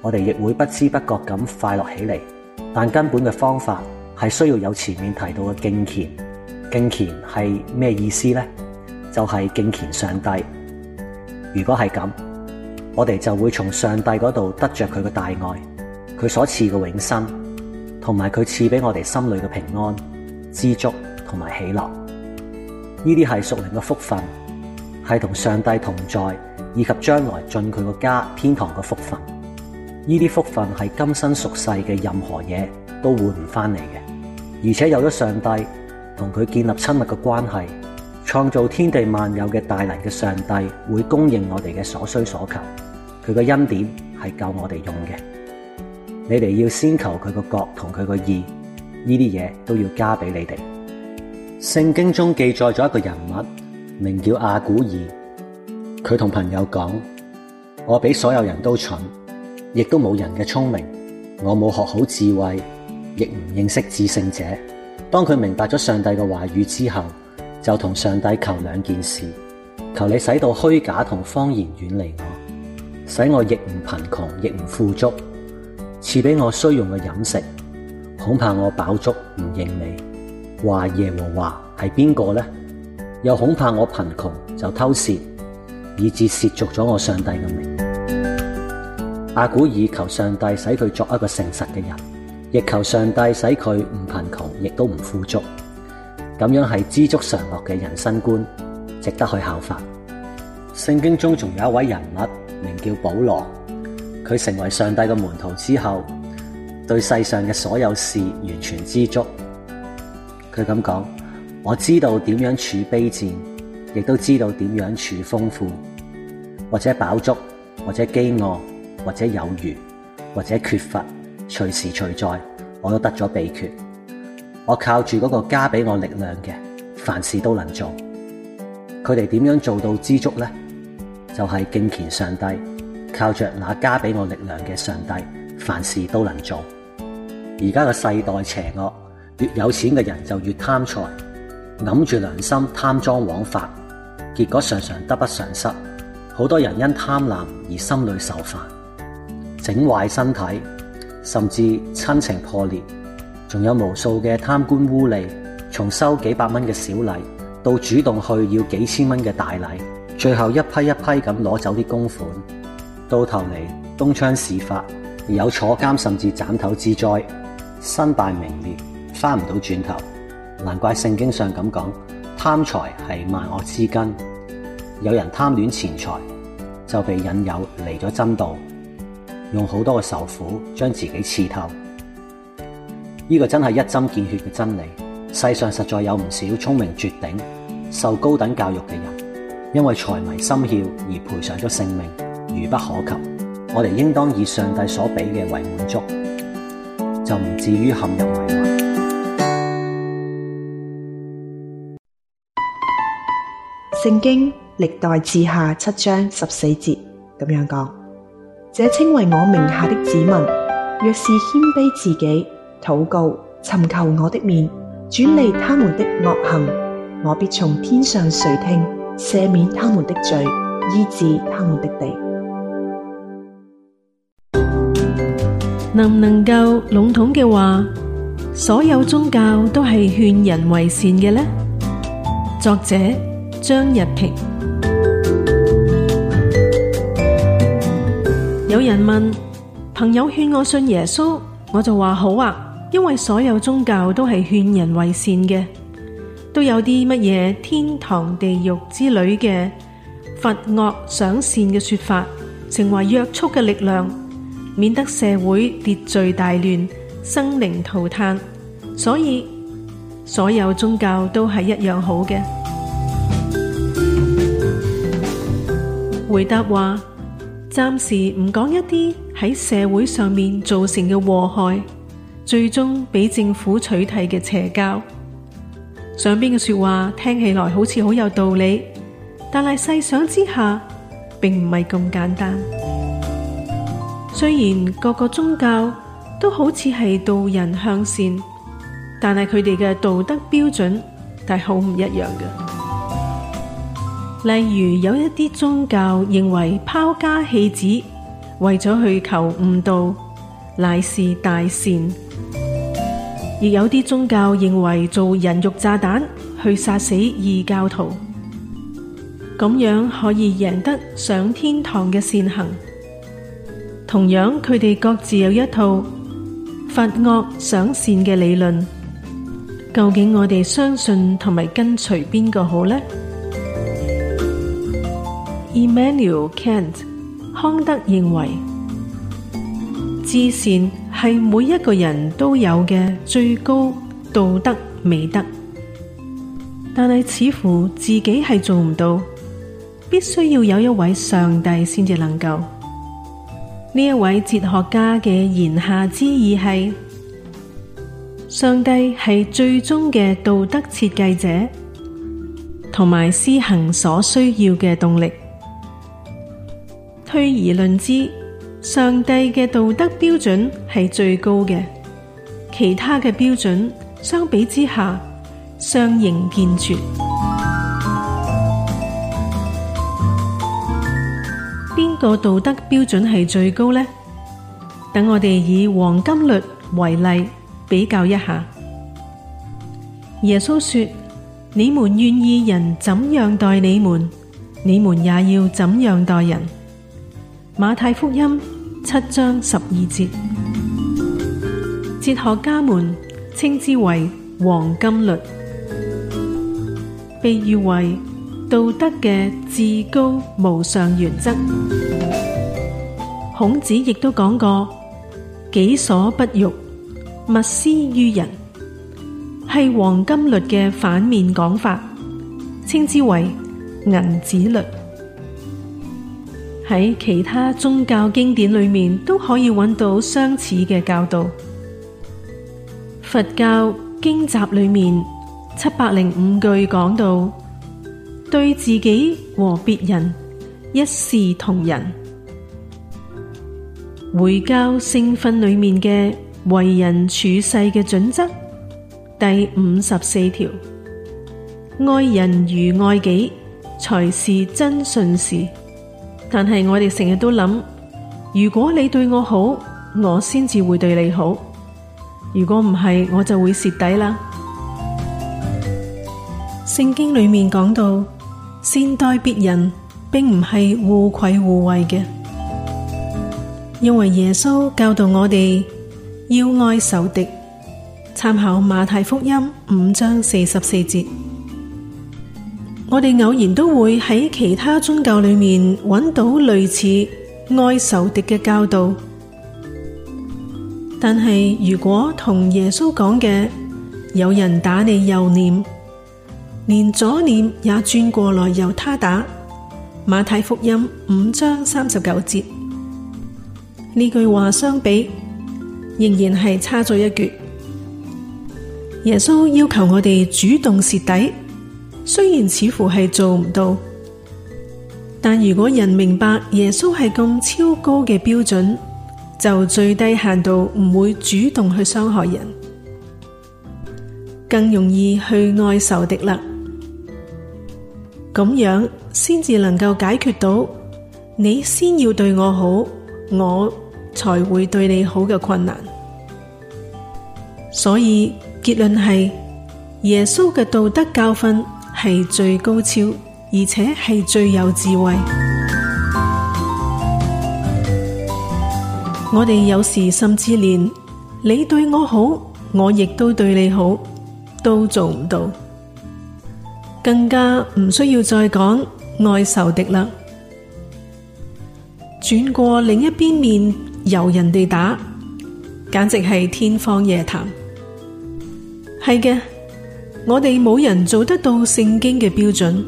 我哋亦會不知不覺咁快樂起嚟。但根本嘅方法係需要有前面提到嘅敬虔。敬虔係咩意思咧？就係、是、敬虔上帝。如果係咁，我哋就會從上帝嗰度得着佢個大愛、佢所賜嘅永生，同埋佢賜俾我哋心裏嘅平安、知足同埋喜樂。呢啲係屬靈嘅福分，係同上帝同在，以及將來進佢個家、天堂嘅福分。呢啲福分係今生屬世嘅任何嘢都換唔翻嚟嘅，而且有咗上帝，同佢建立親密嘅關係，創造天地萬有嘅大能嘅上帝會供應我哋嘅所需所求。佢個恩典係夠我哋用嘅。你哋要先求佢個國同佢個義，呢啲嘢都要加俾你哋。聖經中記載咗一個人物，名叫亞古珥。佢同朋友講：我比所有人都蠢，亦都冇人嘅聰明，我冇學好智慧，亦唔認識至聖者。當佢明白咗上帝嘅話語之後，就同上帝求兩件事：求你使到虛假同謊言遠離我，使我亦唔貧窮亦唔富足，賜俾我需用嘅飲食。恐怕我飽足唔認你，話耶和華係邊個呢？又恐怕我貧窮就偷竊，以致褻瀆咗我上帝嘅名。阿古爾求上帝使佢作一個誠實嘅人。亦求上帝使佢唔貧窮，亦都唔富足。咁樣係知足常樂嘅人生觀，值得去效法。聖經中仲有一位人物，名叫保羅，佢成為上帝嘅門徒之後，對世上嘅所有事完全知足。佢咁講：「我知道點樣處卑賤，亦都知道點樣處豐富，或者飽足，或者飢餓，或者，或者有餘，或者有餘，或者缺乏。」隨時隨在，我都得咗秘訣。我靠住嗰個加俾我力量嘅，凡事都能做。佢哋點樣做到知足呢？就係敬虔上帝，靠着那加俾我力量嘅上帝，凡事都能做。而家嘅世代邪惡，越有錢嘅人就越貪財，揞住良心貪贓枉法，結果常常得不償失。好多人因貪婪而心裏受煩，整壞身體。甚至親情破裂，仲有無數嘅貪官污吏，從收幾百蚊嘅小禮，到主動去要幾千蚊嘅大禮，最後一批一批咁攞走啲公款，到頭嚟東窗事發，有坐監甚至斬頭之災，身敗名裂，翻唔到轉頭。難怪聖經上咁講，貪財係萬惡之根。有人貪戀錢財，就被引誘離咗真道。用好多嘅愁苦，將自己刺透，呢、這個真係一針見血嘅真理。世上實在有唔少聰明絕頂、受高等教育嘅人，因為財迷心竅而賠上咗性命，如不可及。我哋應當以上帝所俾嘅為滿足，就唔至於陷入迷惑。聖經歷代志下七章十四節咁樣講。這稱為我名下的子民，若是謙卑自己，禱告尋求我的面，轉離他們的惡行，我必從天上垂聽，赦免他們的罪，醫治他們的地。能唔能夠籠統嘅話，所有宗教都係勸人為善嘅呢？作者張逸萍。有人問，朋友勸我信耶穌，我就話好啊，因為所有宗教都係勸人為善嘅，都有啲乜嘢天堂地獄之類嘅佛惡賞善嘅說法，成為約束嘅力量，免得社會秩序大亂，生靈塗炭。所以所有宗教都係一樣好嘅。回答話。暫時唔講一啲喺社會上面造成嘅禍害，最終俾政府取締嘅邪教。上邊嘅說話聽起來好似好有道理，但係細想之下，並唔係咁簡單。雖然各個宗教都好似係導人向善，但係佢哋嘅道德標準係好唔一樣嘅。例如有一啲宗教認為拋家棄子，為咗去求悟道乃是大善；亦有啲宗教認為做人肉炸彈去殺死異教徒，咁樣可以贏得上天堂嘅善行。同樣，佢哋各自有一套罰惡賞善嘅理論。究竟我哋相信同埋跟隨邊個好呢？Immanuel Kant 康德認為，至善係每一個人都有嘅最高道德美德，但係似乎自己係做唔到，必須要有一位上帝先至能夠。呢一位哲學家嘅言下之意係，上帝係最終嘅道德設計者，同埋施行所需要嘅動力。推而論之，上帝嘅道德標準係最高嘅，其他嘅標準相比之下相形見絀。邊 個道德標準係最高呢？等我哋以黃金律為例比較一下。耶穌說：你們願意人怎樣待你們，你們也要怎樣待人。馬太福音七章十二節，哲學家們稱之為黃金律，被譽為道德嘅至高無上原則。孔子亦都講過：己所不欲，勿施於人，係黃金律嘅反面講法，稱之為銀子律。喺其他宗教經典裏面都可以揾到相似嘅教導。佛教經集裏面七百零五句講到，對自己和別人一視同仁。回教聖訓裏面嘅為人處世嘅準則第五十四條，愛人如愛己，才是真信士。但係我哋成日都諗，如果你對我好，我先至會對你好；如果唔係，我就會蝕底啦。聖經裏面講到，善待別人並唔係互饋互惠嘅，因為耶穌教導我哋要愛仇敵，參考馬太福音五章四十四節。我哋偶然都會喺其他宗教裏面揾到類似愛仇敵嘅教導，但係如果同耶穌講嘅有人打你右臉，連左臉也轉過來由他打，馬太福音五章三十九節呢句話相比，仍然係差咗一橛。耶穌要求我哋主動蝕底。雖然似乎係做唔到，但如果人明白耶穌係咁超高嘅標準，就最低限度唔會主動去傷害人，更容易去愛仇敵啦。咁樣先至能夠解決到你先要對我好，我才會對你好嘅困難。所以結論係耶穌嘅道德教訓。係最高超，而且係最有智慧。 我哋有時甚至連你對我好，我亦都對你好，都做唔到。更加唔需要再講愛仇敵啦。轉過另一邊面，由人哋打，簡直係天方夜譚。係嘅。我哋冇人做得到聖經嘅標準。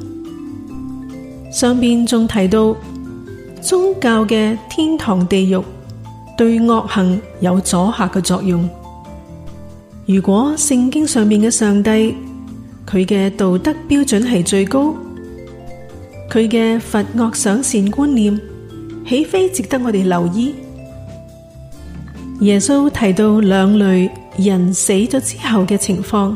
上邊仲提到宗教嘅天堂地獄對惡行有阻嚇嘅作用。如果聖經上面嘅上帝佢嘅道德標準係最高，佢嘅罰惡賞善觀念豈非值得我哋留意？耶穌提到兩類人死咗之後嘅情況。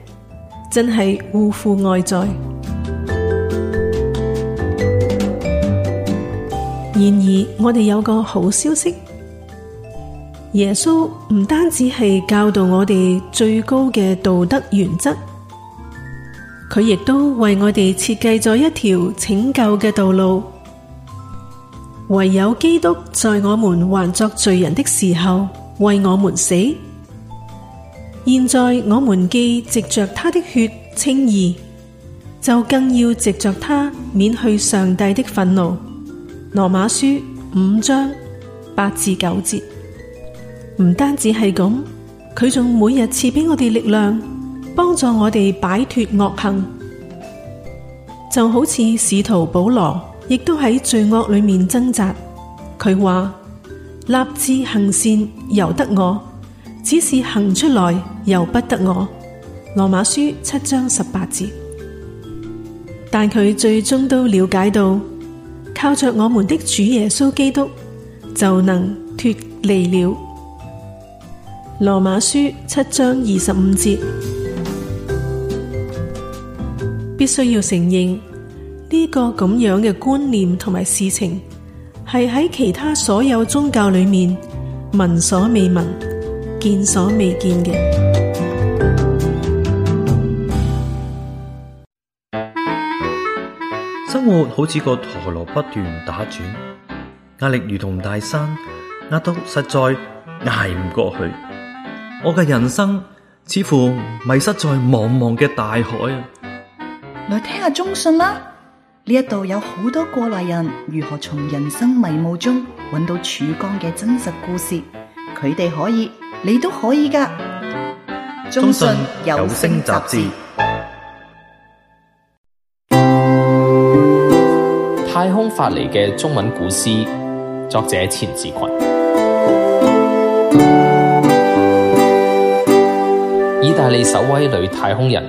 真係護護外在。然而，我哋有個好消息：耶穌唔單止係教導我哋最高嘅道德原則，佢亦都為我哋設計咗一條拯救嘅道路。唯有基督在我們還作罪人的時候，為我們死。現在我們既藉着他的血稱義，就更要藉着他免去上帝的憤怒。羅馬書五章八至九節。唔單止係咁，佢仲每日賜俾我哋力量，幫助我哋擺脫惡行。就好似使徒保羅，亦都喺罪惡裏面掙扎。佢話立志行善，由得我，只是行出來，由不得我，《羅馬書》七章十八節。但佢最終都了解到，靠着我們的主耶穌基督就能脫離了，《羅馬書》七章二十五節。必須要承認呢個咁樣嘅觀念同埋事情，係喺其他所有宗教裏面聞所未聞、見所未見嘅。生活好似個陀螺不斷打轉，壓力如同大山，壓到實在捱唔過去。我嘅人生似乎迷失在茫茫嘅大海啊！來聽下中信啦，呢一度有好多過來人如何從人生迷霧中揾到曙光嘅真實故事，佢哋可以，你都可以㗎。中信有聲雜誌。太空發嚟嘅中文古詩，作者錢志群。意大利首位女太空人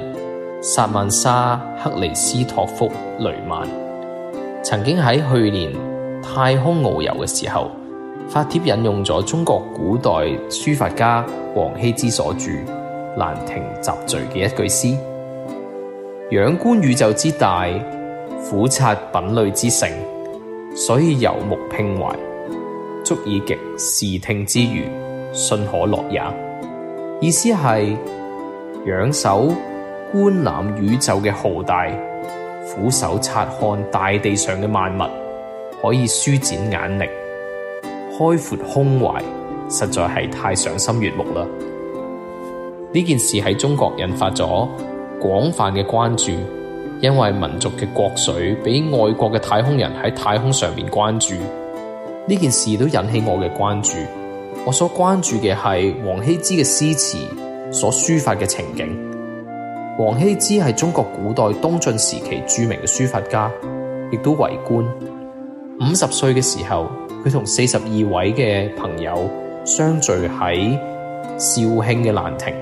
薩曼莎·克里斯托夫雷曼，曾經喺去年太空遨遊嘅時候，發帖引用咗中國古代書法家王羲之所著《蘭亭集序》嘅一句詩：仰觀宇宙之大。俯察品類之盛，所以遊目騁懷，足以極視聽之娛，信可樂也。意思係仰首觀覽宇宙嘅浩大，俯首察看大地上嘅萬物，可以舒展眼力，開闊胸懷，實在係太賞心悅目啦！呢件事喺中國引發咗廣泛嘅關注。因為民族嘅國粹俾外國嘅太空人喺太空上面關注呢件事，都引起我嘅關注。我所關注嘅係王羲之嘅詩詞所抒發嘅情景。王羲之係中國古代東晉時期著名嘅書法家，亦都為官。五十歲嘅時候，佢同四十二位嘅朋友相聚喺紹興嘅蘭亭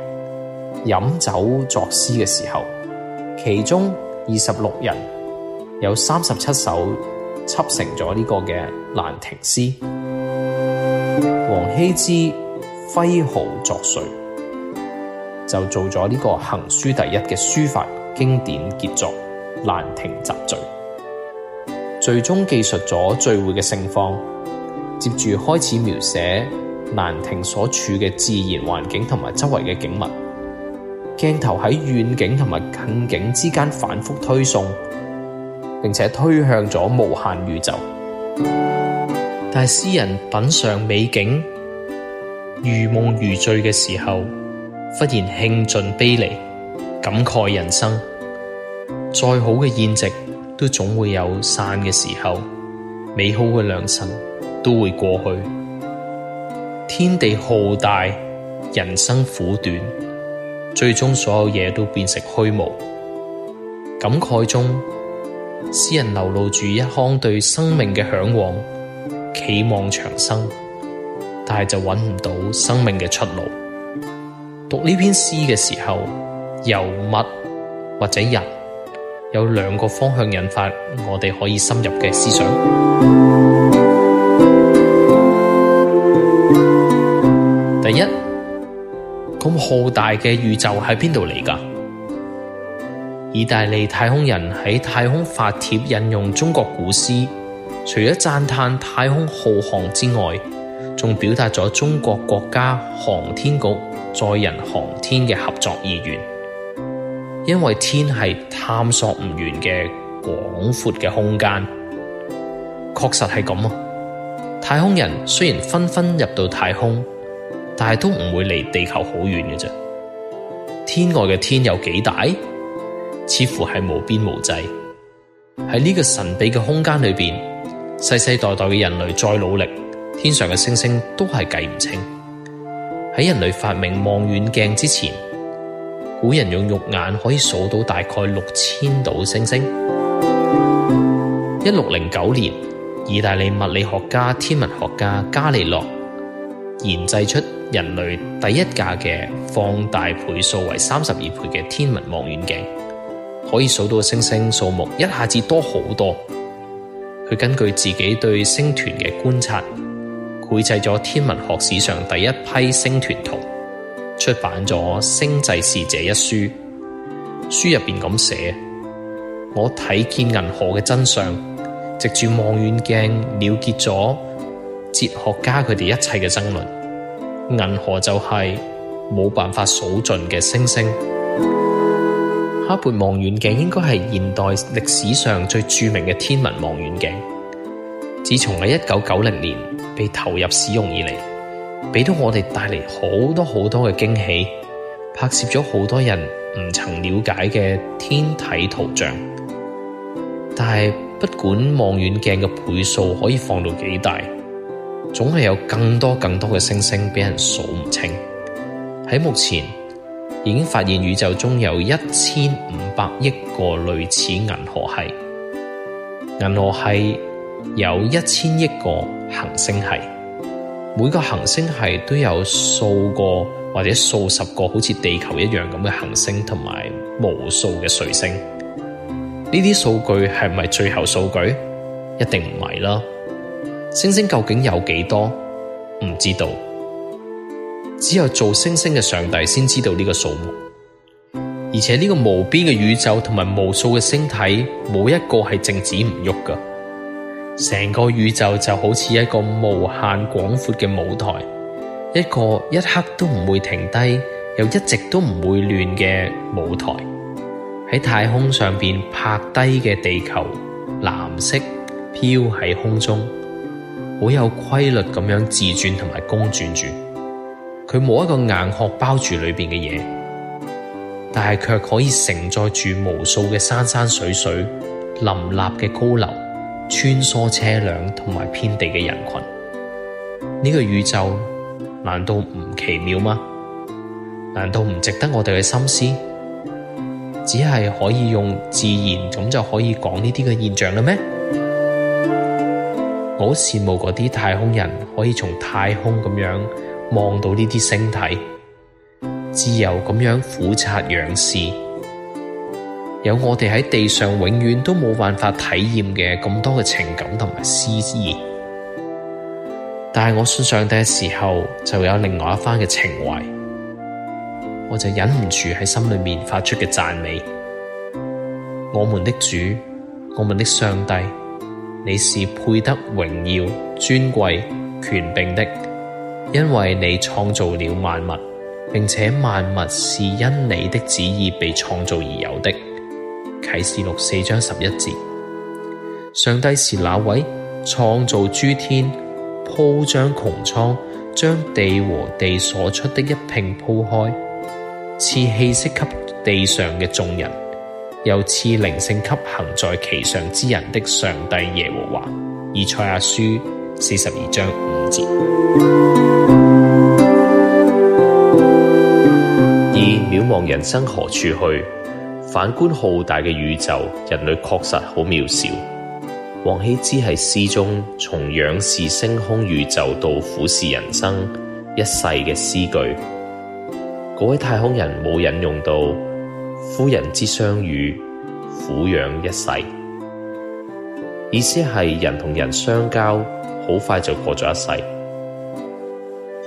飲酒作詩嘅時候，其中。二十六人有三十七首輯成咗呢個嘅《蘭亭詩》，王羲之揮毫作序，就做咗呢個行書第一嘅書法經典傑作《蘭亭集序》，最終記述咗聚會嘅盛況，接住開始描寫蘭亭所處嘅自然環境同埋周圍嘅景物。鏡頭喺遠景同埋近景之間反覆推送，並且推向咗無限宇宙。但係詩人品嘗美景如夢如醉嘅時候，忽然興盡悲嚟，感慨人生：再好嘅宴席都總會有散嘅時候，美好嘅良辰都會過去。天地浩大，人生苦短。最終所有嘢都變成虛無，感慨中，詩人流露住一腔對生命嘅向往，期望長生，但係就揾唔到生命嘅出路。讀呢篇詩嘅時候，由物或者人，有兩個方向引發我哋可以深入嘅思想。第一。咁浩大嘅宇宙，喺邊度嚟噶？意大利太空人喺太空發帖引用中國古詩，除咗讚嘆太空浩瀚之外，仲表達咗中國國家航天局載人航天嘅合作意願。因為天係探索唔完嘅廣闊嘅空間，確實係咁啊！太空人雖然紛紛入到太空。但係都唔會離地球好遠嘅啫。天外嘅天有幾大？似乎係無邊無際。喺呢個神秘嘅空間裏邊，世世代代嘅人類再努力，天上嘅星星都係計唔清。喺人類發明望遠鏡之前，古人用肉眼可以數到大概六千度星星。一六零九年，意大利物理學家、天文學家伽利略研製出。人類第一架嘅放大倍數為三十二倍嘅天文望遠鏡，可以數到星星數目一下子多好多。佢根據自己對星團嘅觀察，繪製咗天文學史上第一批星團圖，出版咗《星際使者》一書。書入邊咁寫：我睇見銀河嘅真相，藉住望遠鏡了結咗哲學家佢哋一切嘅爭論。銀河就係冇辦法數盡嘅星星。哈勃望遠鏡應該係現代歷史上最著名嘅天文望遠鏡。自從喺一九九零年被投入使用以嚟，畀到我哋帶嚟好多好多嘅驚喜，拍攝咗好多人唔曾了解嘅天體圖像。但係，不管望遠鏡嘅倍數可以放到幾大。總係有更多更多嘅星星俾人數唔清。喺目前已經發現宇宙中有一千五百億個類似銀河系，銀河系有一千億個行星系。每個行星系都有數個或者數十個好似地球一樣咁嘅行星，同埋無數嘅水星。呢啲數據係唔係最後數據？一定唔係啦。星星究竟有幾多？唔知道，只有造星星嘅上帝先知道呢個數目。而且呢個無邊嘅宇宙同埋無數嘅星體，冇一個係靜止唔喐㗎。成個宇宙就好似一個無限廣闊嘅舞台，一個一刻都唔會停低又一直都唔會亂嘅舞台。喺太空上邊拍低嘅地球，藍色飄喺空中。好有規律咁樣自轉同埋公轉住，佢冇一個硬殼包住裏邊嘅嘢，但係卻可以承載住無數嘅山山水水、林立嘅高樓、穿梭車輛同埋遍地嘅人群。呢個宇宙難道唔奇妙嗎？難道唔值得我哋嘅心思？只係可以用自然咁就可以講呢啲嘅現象嘞咩？我好羨慕嗰啲太空人可以從太空咁樣望到呢啲星體，自由咁樣俯察仰視，有我哋喺地上永遠都冇辦法體驗嘅咁多嘅情感同埋詩意。但係我信上帝嘅時候，就有另外一番嘅情懷，我就忍唔住喺心裏面發出嘅讚美：我們的主，我們的上帝。你是配得榮耀、尊貴、權柄的，因為你創造了萬物，並且萬物是因你的旨意被創造而有的。啟示錄四章十一節：上帝是那位創造諸天、鋪張穹蒼、將地和地所出的一併鋪開，賜氣息給地上嘅眾人。有似靈性給行在其上之人的上帝耶和華，以賽亞書四十二章五節。而渺茫人生何處去？反觀浩大嘅宇宙，人類確實好渺小。王羲之喺詩中從仰視星空宇宙到俯視人生一世嘅詩句。嗰位太空人冇引用到。夫人之相與，俯仰一世，意思係人同人相交，好快就過咗一世。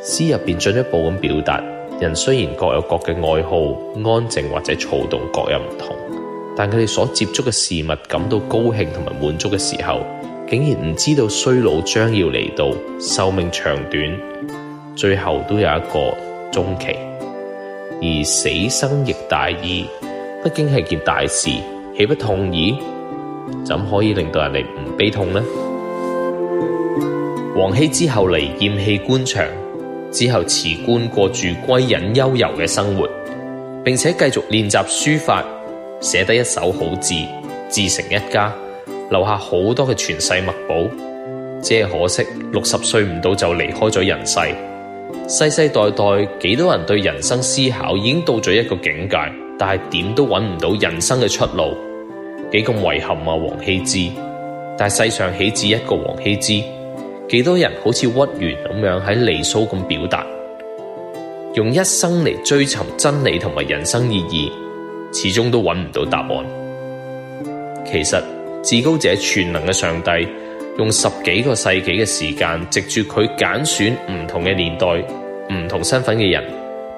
詩入邊進一步咁表達，人雖然各有各嘅愛好、安靜或者躁動各有唔同，但佢哋所接觸嘅事物感到高興同埋滿足嘅時候，竟然唔知道衰老將要嚟到，壽命長短，最後都有一個終期。而死生亦大義，畢竟係件大事，豈不痛意，怎可以令到人哋唔悲痛呢？王羲之後嚟厭棄官場，之後辭官過住歸隱悠遊嘅生活，並且繼續練習書法，寫得一手好字，自成一家，留下好多嘅傳世墨寶。只係可惜六十歲唔到就離開咗人世。世世代代幾多人對人生思考已經到咗一個境界，但係點都揾唔到人生嘅出路，幾咁遺憾啊！王羲之，但係世上豈止一個王羲之？幾多人好似屈原咁樣喺離騷咁表達，用一生嚟追尋真理同埋人生意義，始終都揾唔到答案。其實至高者全能嘅上帝。用十幾個世紀嘅時間，藉住佢揀選唔同嘅年代、唔同身份嘅人，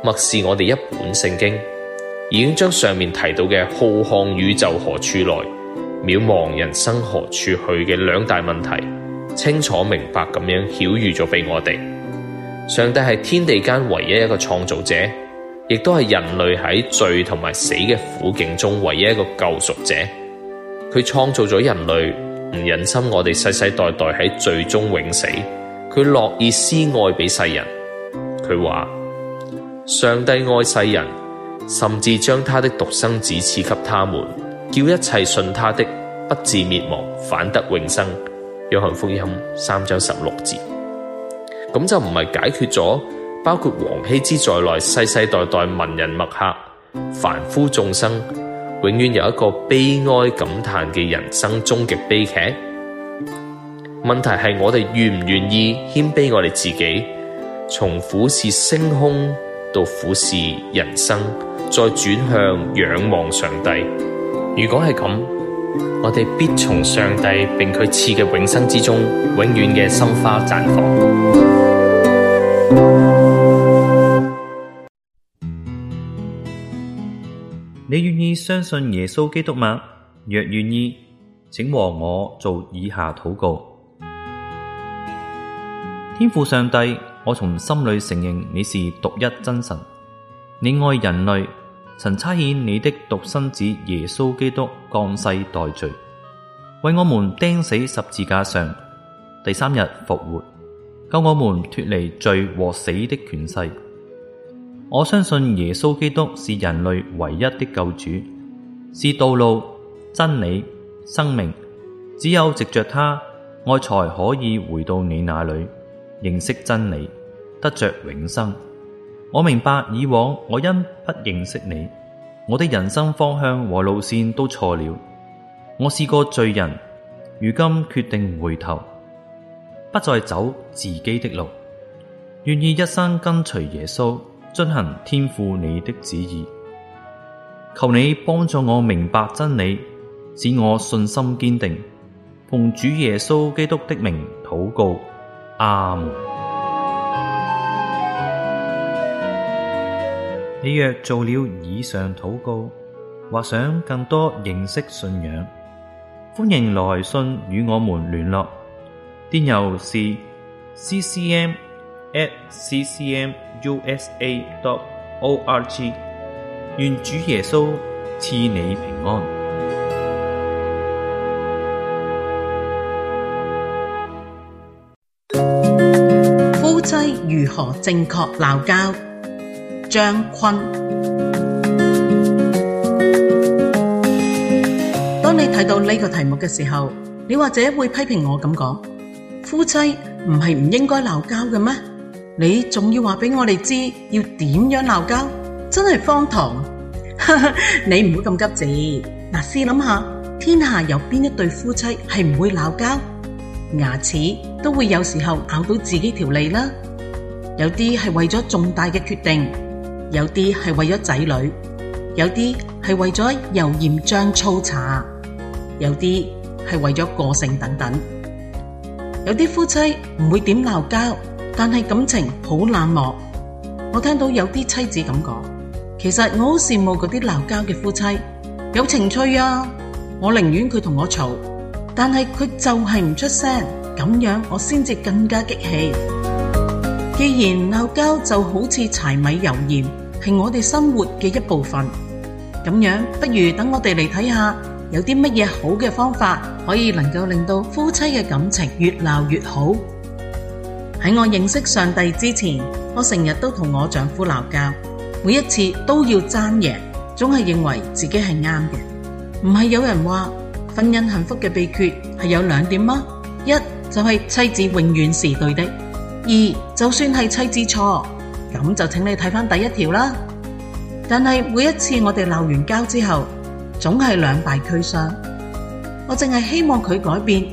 默示我哋一本聖經，已經將上面提到嘅浩瀚宇宙何處來、渺茫人生何處去嘅兩大問題，清楚明白咁樣曉喻咗畀我哋。上帝係天地間唯一一個創造者，亦都係人類喺罪同埋死嘅苦境中唯一一個救贖者。佢創造咗人類。唔忍心我哋世世代代喺罪中永死，佢樂意施愛俾世人。佢話：上帝愛世人，甚至將他的獨生子賜給他們，叫一切信他的不至滅亡，反得永生。約翰福音三章十六節。咁就唔係解決咗，包括王羲之在內，世世代代文人墨客、凡夫眾生。永遠有一個悲哀感嘆嘅人生終極悲劇。問題係我哋願唔願意謙卑我哋自己，從俯視星空到俯視人生，再轉向仰望上帝。如果係咁，我哋必從上帝並佢賜嘅永生之中，永遠嘅心花綻放。你願意相信耶穌基督嗎？若願意，請和我做以下禱告。天父上帝，我從心裏承認你是獨一真神，你愛人類，曾差遣你的獨生子耶穌基督降世代罪，為我們釘死十字架上，第三日復活，救我們脱離罪和死的權勢。我相信耶穌基督是人類唯一的救主，是道路、真理、生命。只有藉着他，我才可以回到你那裏，認識真理，得着永生。我明白以往我因不認識你，我的人生方向和路線都錯了。我是個罪人，如今決定回頭，不再走自己的路，願意一生跟隨耶穌。遵行天父你的旨意，求你幫助我明白真理，使我信心堅定。奉主耶穌基督的名禱告，阿門。 你若做了以上禱告，或想更多認識信仰，歡迎來信與我們聯絡。電郵是 CCM。CC M, at c c m u s a dot o r g，願主耶穌賜你平安。夫妻如何正確鬧交？張琨。當你睇到呢個題目嘅時候，你或者會批評我咁講：夫妻唔係唔應該鬧交嘅咩？你仲要話俾我哋知要點樣鬧交，真係荒唐！ 你唔會咁急止，嗱，試諗下，天下有邊一對夫妻係唔會鬧交？牙齒都會有時候咬到自己條脷。啦有啲係為咗重大嘅決定，有啲係為咗仔女，有啲係為咗油鹽醬醋茶，有啲係為咗個性等等。有啲夫妻唔會點鬧交。但係感情好冷漠。我聽到有啲妻子咁講，其實我好羨慕嗰啲鬧交嘅夫妻，有情趣呀、啊，我寧願佢同我吵，但係佢就係唔出聲，咁樣我先至更加激氣。既然鬧交就好似柴米油鹽，係我哋生活嘅一部分，咁樣不如等我哋嚟睇下，有啲乜嘢好嘅方法，可以能夠令到夫妻嘅感情越鬧越好。喺我認識上帝之前，我成日都同我丈夫鬧交，每一次都要爭贏，總係認為自己係啱嘅。唔係有人話婚姻幸福嘅秘訣係有兩點嗎？一就係妻子永遠是對的，二就算係妻子錯，咁就請你睇翻第一條啦。但係每一次我哋鬧完交之後，總係兩敗俱傷。我淨係希望佢改變，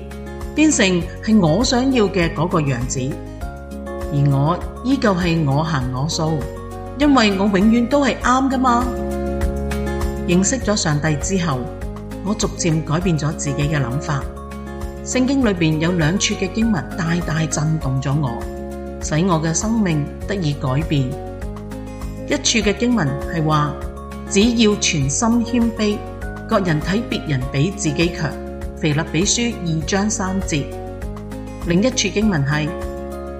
變成係我想要嘅嗰個樣子。而我依舊是我行我素，因為我永遠都是啱㗎嘛。認識了上帝之後，我逐漸改變了自己的想法。聖經裏面有兩處的經文大大震動了我，使我的生命得以改變。一處的經文是說，只要全心謙卑，各人看別人比自己強，腓立比書二章三節。另一處的經文是，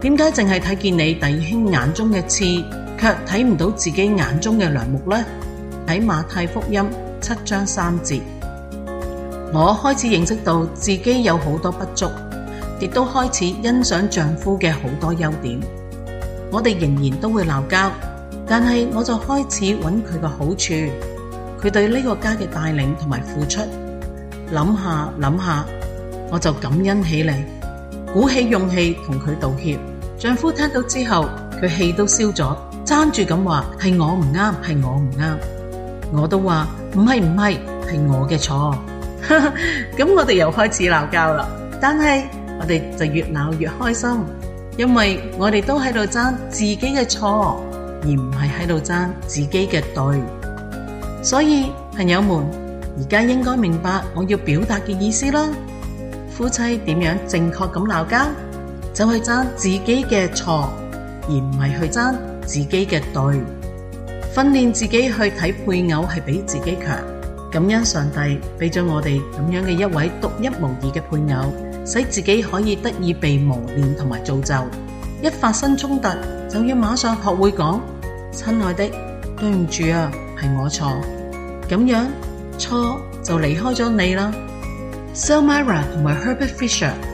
點解淨係睇見你弟兄眼中嘅刺，卻睇唔到自己眼中嘅梁木呢？睇馬太福音七章三節。我開始認識到自己有好多不足，亦都開始欣賞丈夫嘅好多優點。我哋仍然都會鬧交，但係我就開始揾佢嘅好處，佢對呢個家嘅帶領同埋付出。諗下諗下，我就感恩起嚟，鼓起勇氣同佢道歉。丈夫聽到之後，佢氣都消咗，爭住咁話係我唔啱，係我唔啱。我都話唔係，唔係，係我嘅錯。咁我哋又開始鬧交啦。但係我哋就越鬧越開心，因為我哋都喺度爭自己嘅錯，而唔係喺度爭自己嘅對。所以朋友們，而家應該明白我要表達嘅意思啦。夫妻點樣正確咁鬧交？就去爭自己嘅錯，而唔係去爭自己嘅對。訓練自己去睇配偶係比自己強，感恩上帝俾咗我哋咁樣嘅一位獨一無二嘅配偶，使自己可以得以被磨練同埋造就。一發生衝突，就要馬上學會講親愛的，對唔住啊，係我錯。咁樣錯就離開咗你啦。Zelmyra 同埋 Herbert Fisher。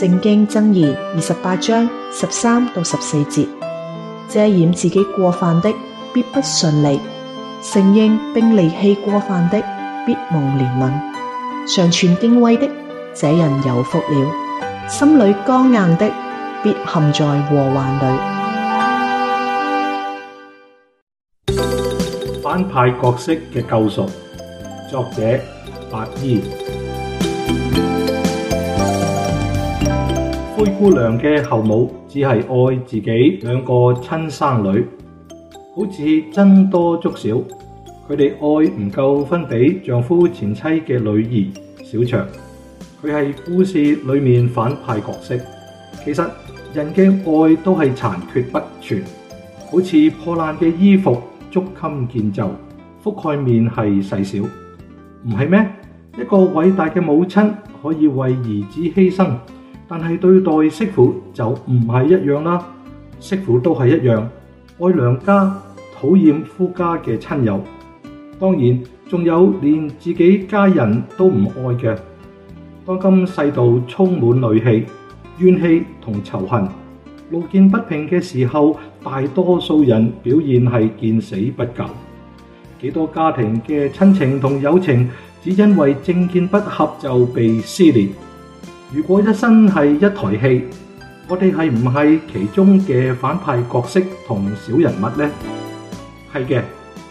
聖經箴言二十八章十三到十四節：遮掩自己過犯的，必不順利；承認並離棄過犯的，必蒙憐憫。常存敬畏的，這人有福了；心裏剛硬的，必陷在禍患裏。反派角色嘅救贖，作者：白衣。灰姑娘嘅後母只係愛自己兩個親生女，好似僧多粥少，佢哋愛唔夠分俾丈夫前妻嘅女兒小祥。佢係故事裏面反派角色。其實人嘅愛都係殘缺不全，好似破爛嘅衣服，捉襟見肘，覆蓋面係細小，唔係咩？一個偉大嘅母親可以為兒子犧牲。但係對待媳婦就唔係一樣啦，媳婦都係一樣，愛娘家，討厭夫家嘅親友。當然，仲有連自己家人都唔愛嘅。當今世道充滿戾氣、怨氣同仇恨，路見不平嘅時候，大多數人表現係見死不救。幾多家庭嘅親情同友情，只因為政見不合就被撕裂。如果一生係一台戲，我哋係唔係其中嘅反派角色同小人物呢？係嘅，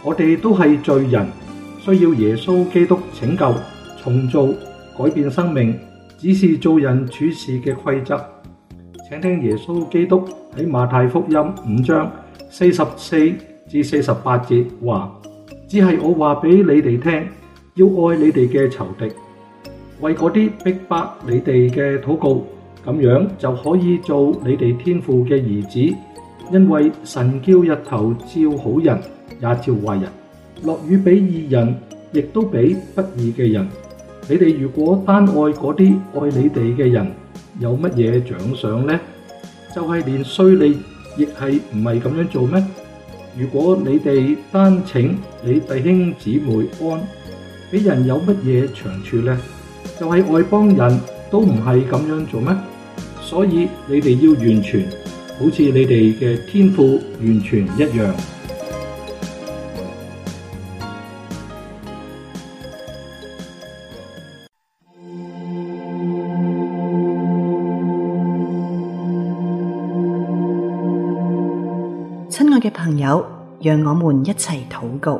我哋都係罪人，需要耶穌基督拯救、重做、改變生命，指示做人處事嘅規則。請聽耶穌基督喺馬太福音五章四十四至四十八節話：「只係我話俾你哋聽，要愛你哋嘅仇敵。為嗰啲逼迫你哋嘅禱告，咁樣就可以做你哋天父嘅兒子，因為神叫日頭照好人也照壞人，落雨俾義人，亦都俾不義嘅人。你哋如果單愛嗰啲愛你哋嘅人，有乜嘢獎賞呢？就係連稅吏，亦係唔係咁樣做咩？如果你哋單請你弟兄姊妹安，俾人有乜嘢長處呢？就係外邦人都唔係咁樣做咩？所以你哋要完全，好似你哋嘅天父完全一樣。親愛嘅朋友，讓我們一齊禱告。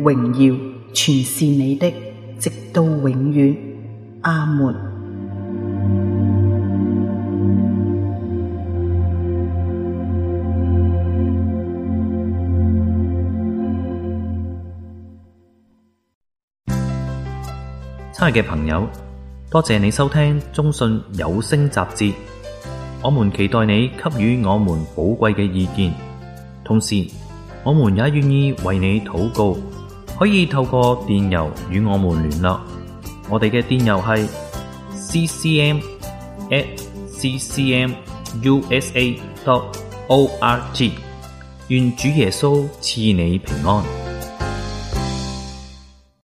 榮耀全是你的，直到永遠。阿門。親愛嘅朋友，多謝你收聽中信有聲雜誌。我們期待你給予我們寶貴嘅意見，同時我們也願意為你禱告。可以透過電郵與我們聯絡，我哋嘅電郵係 ccm at ccmusa dot org。願主耶穌賜你平安。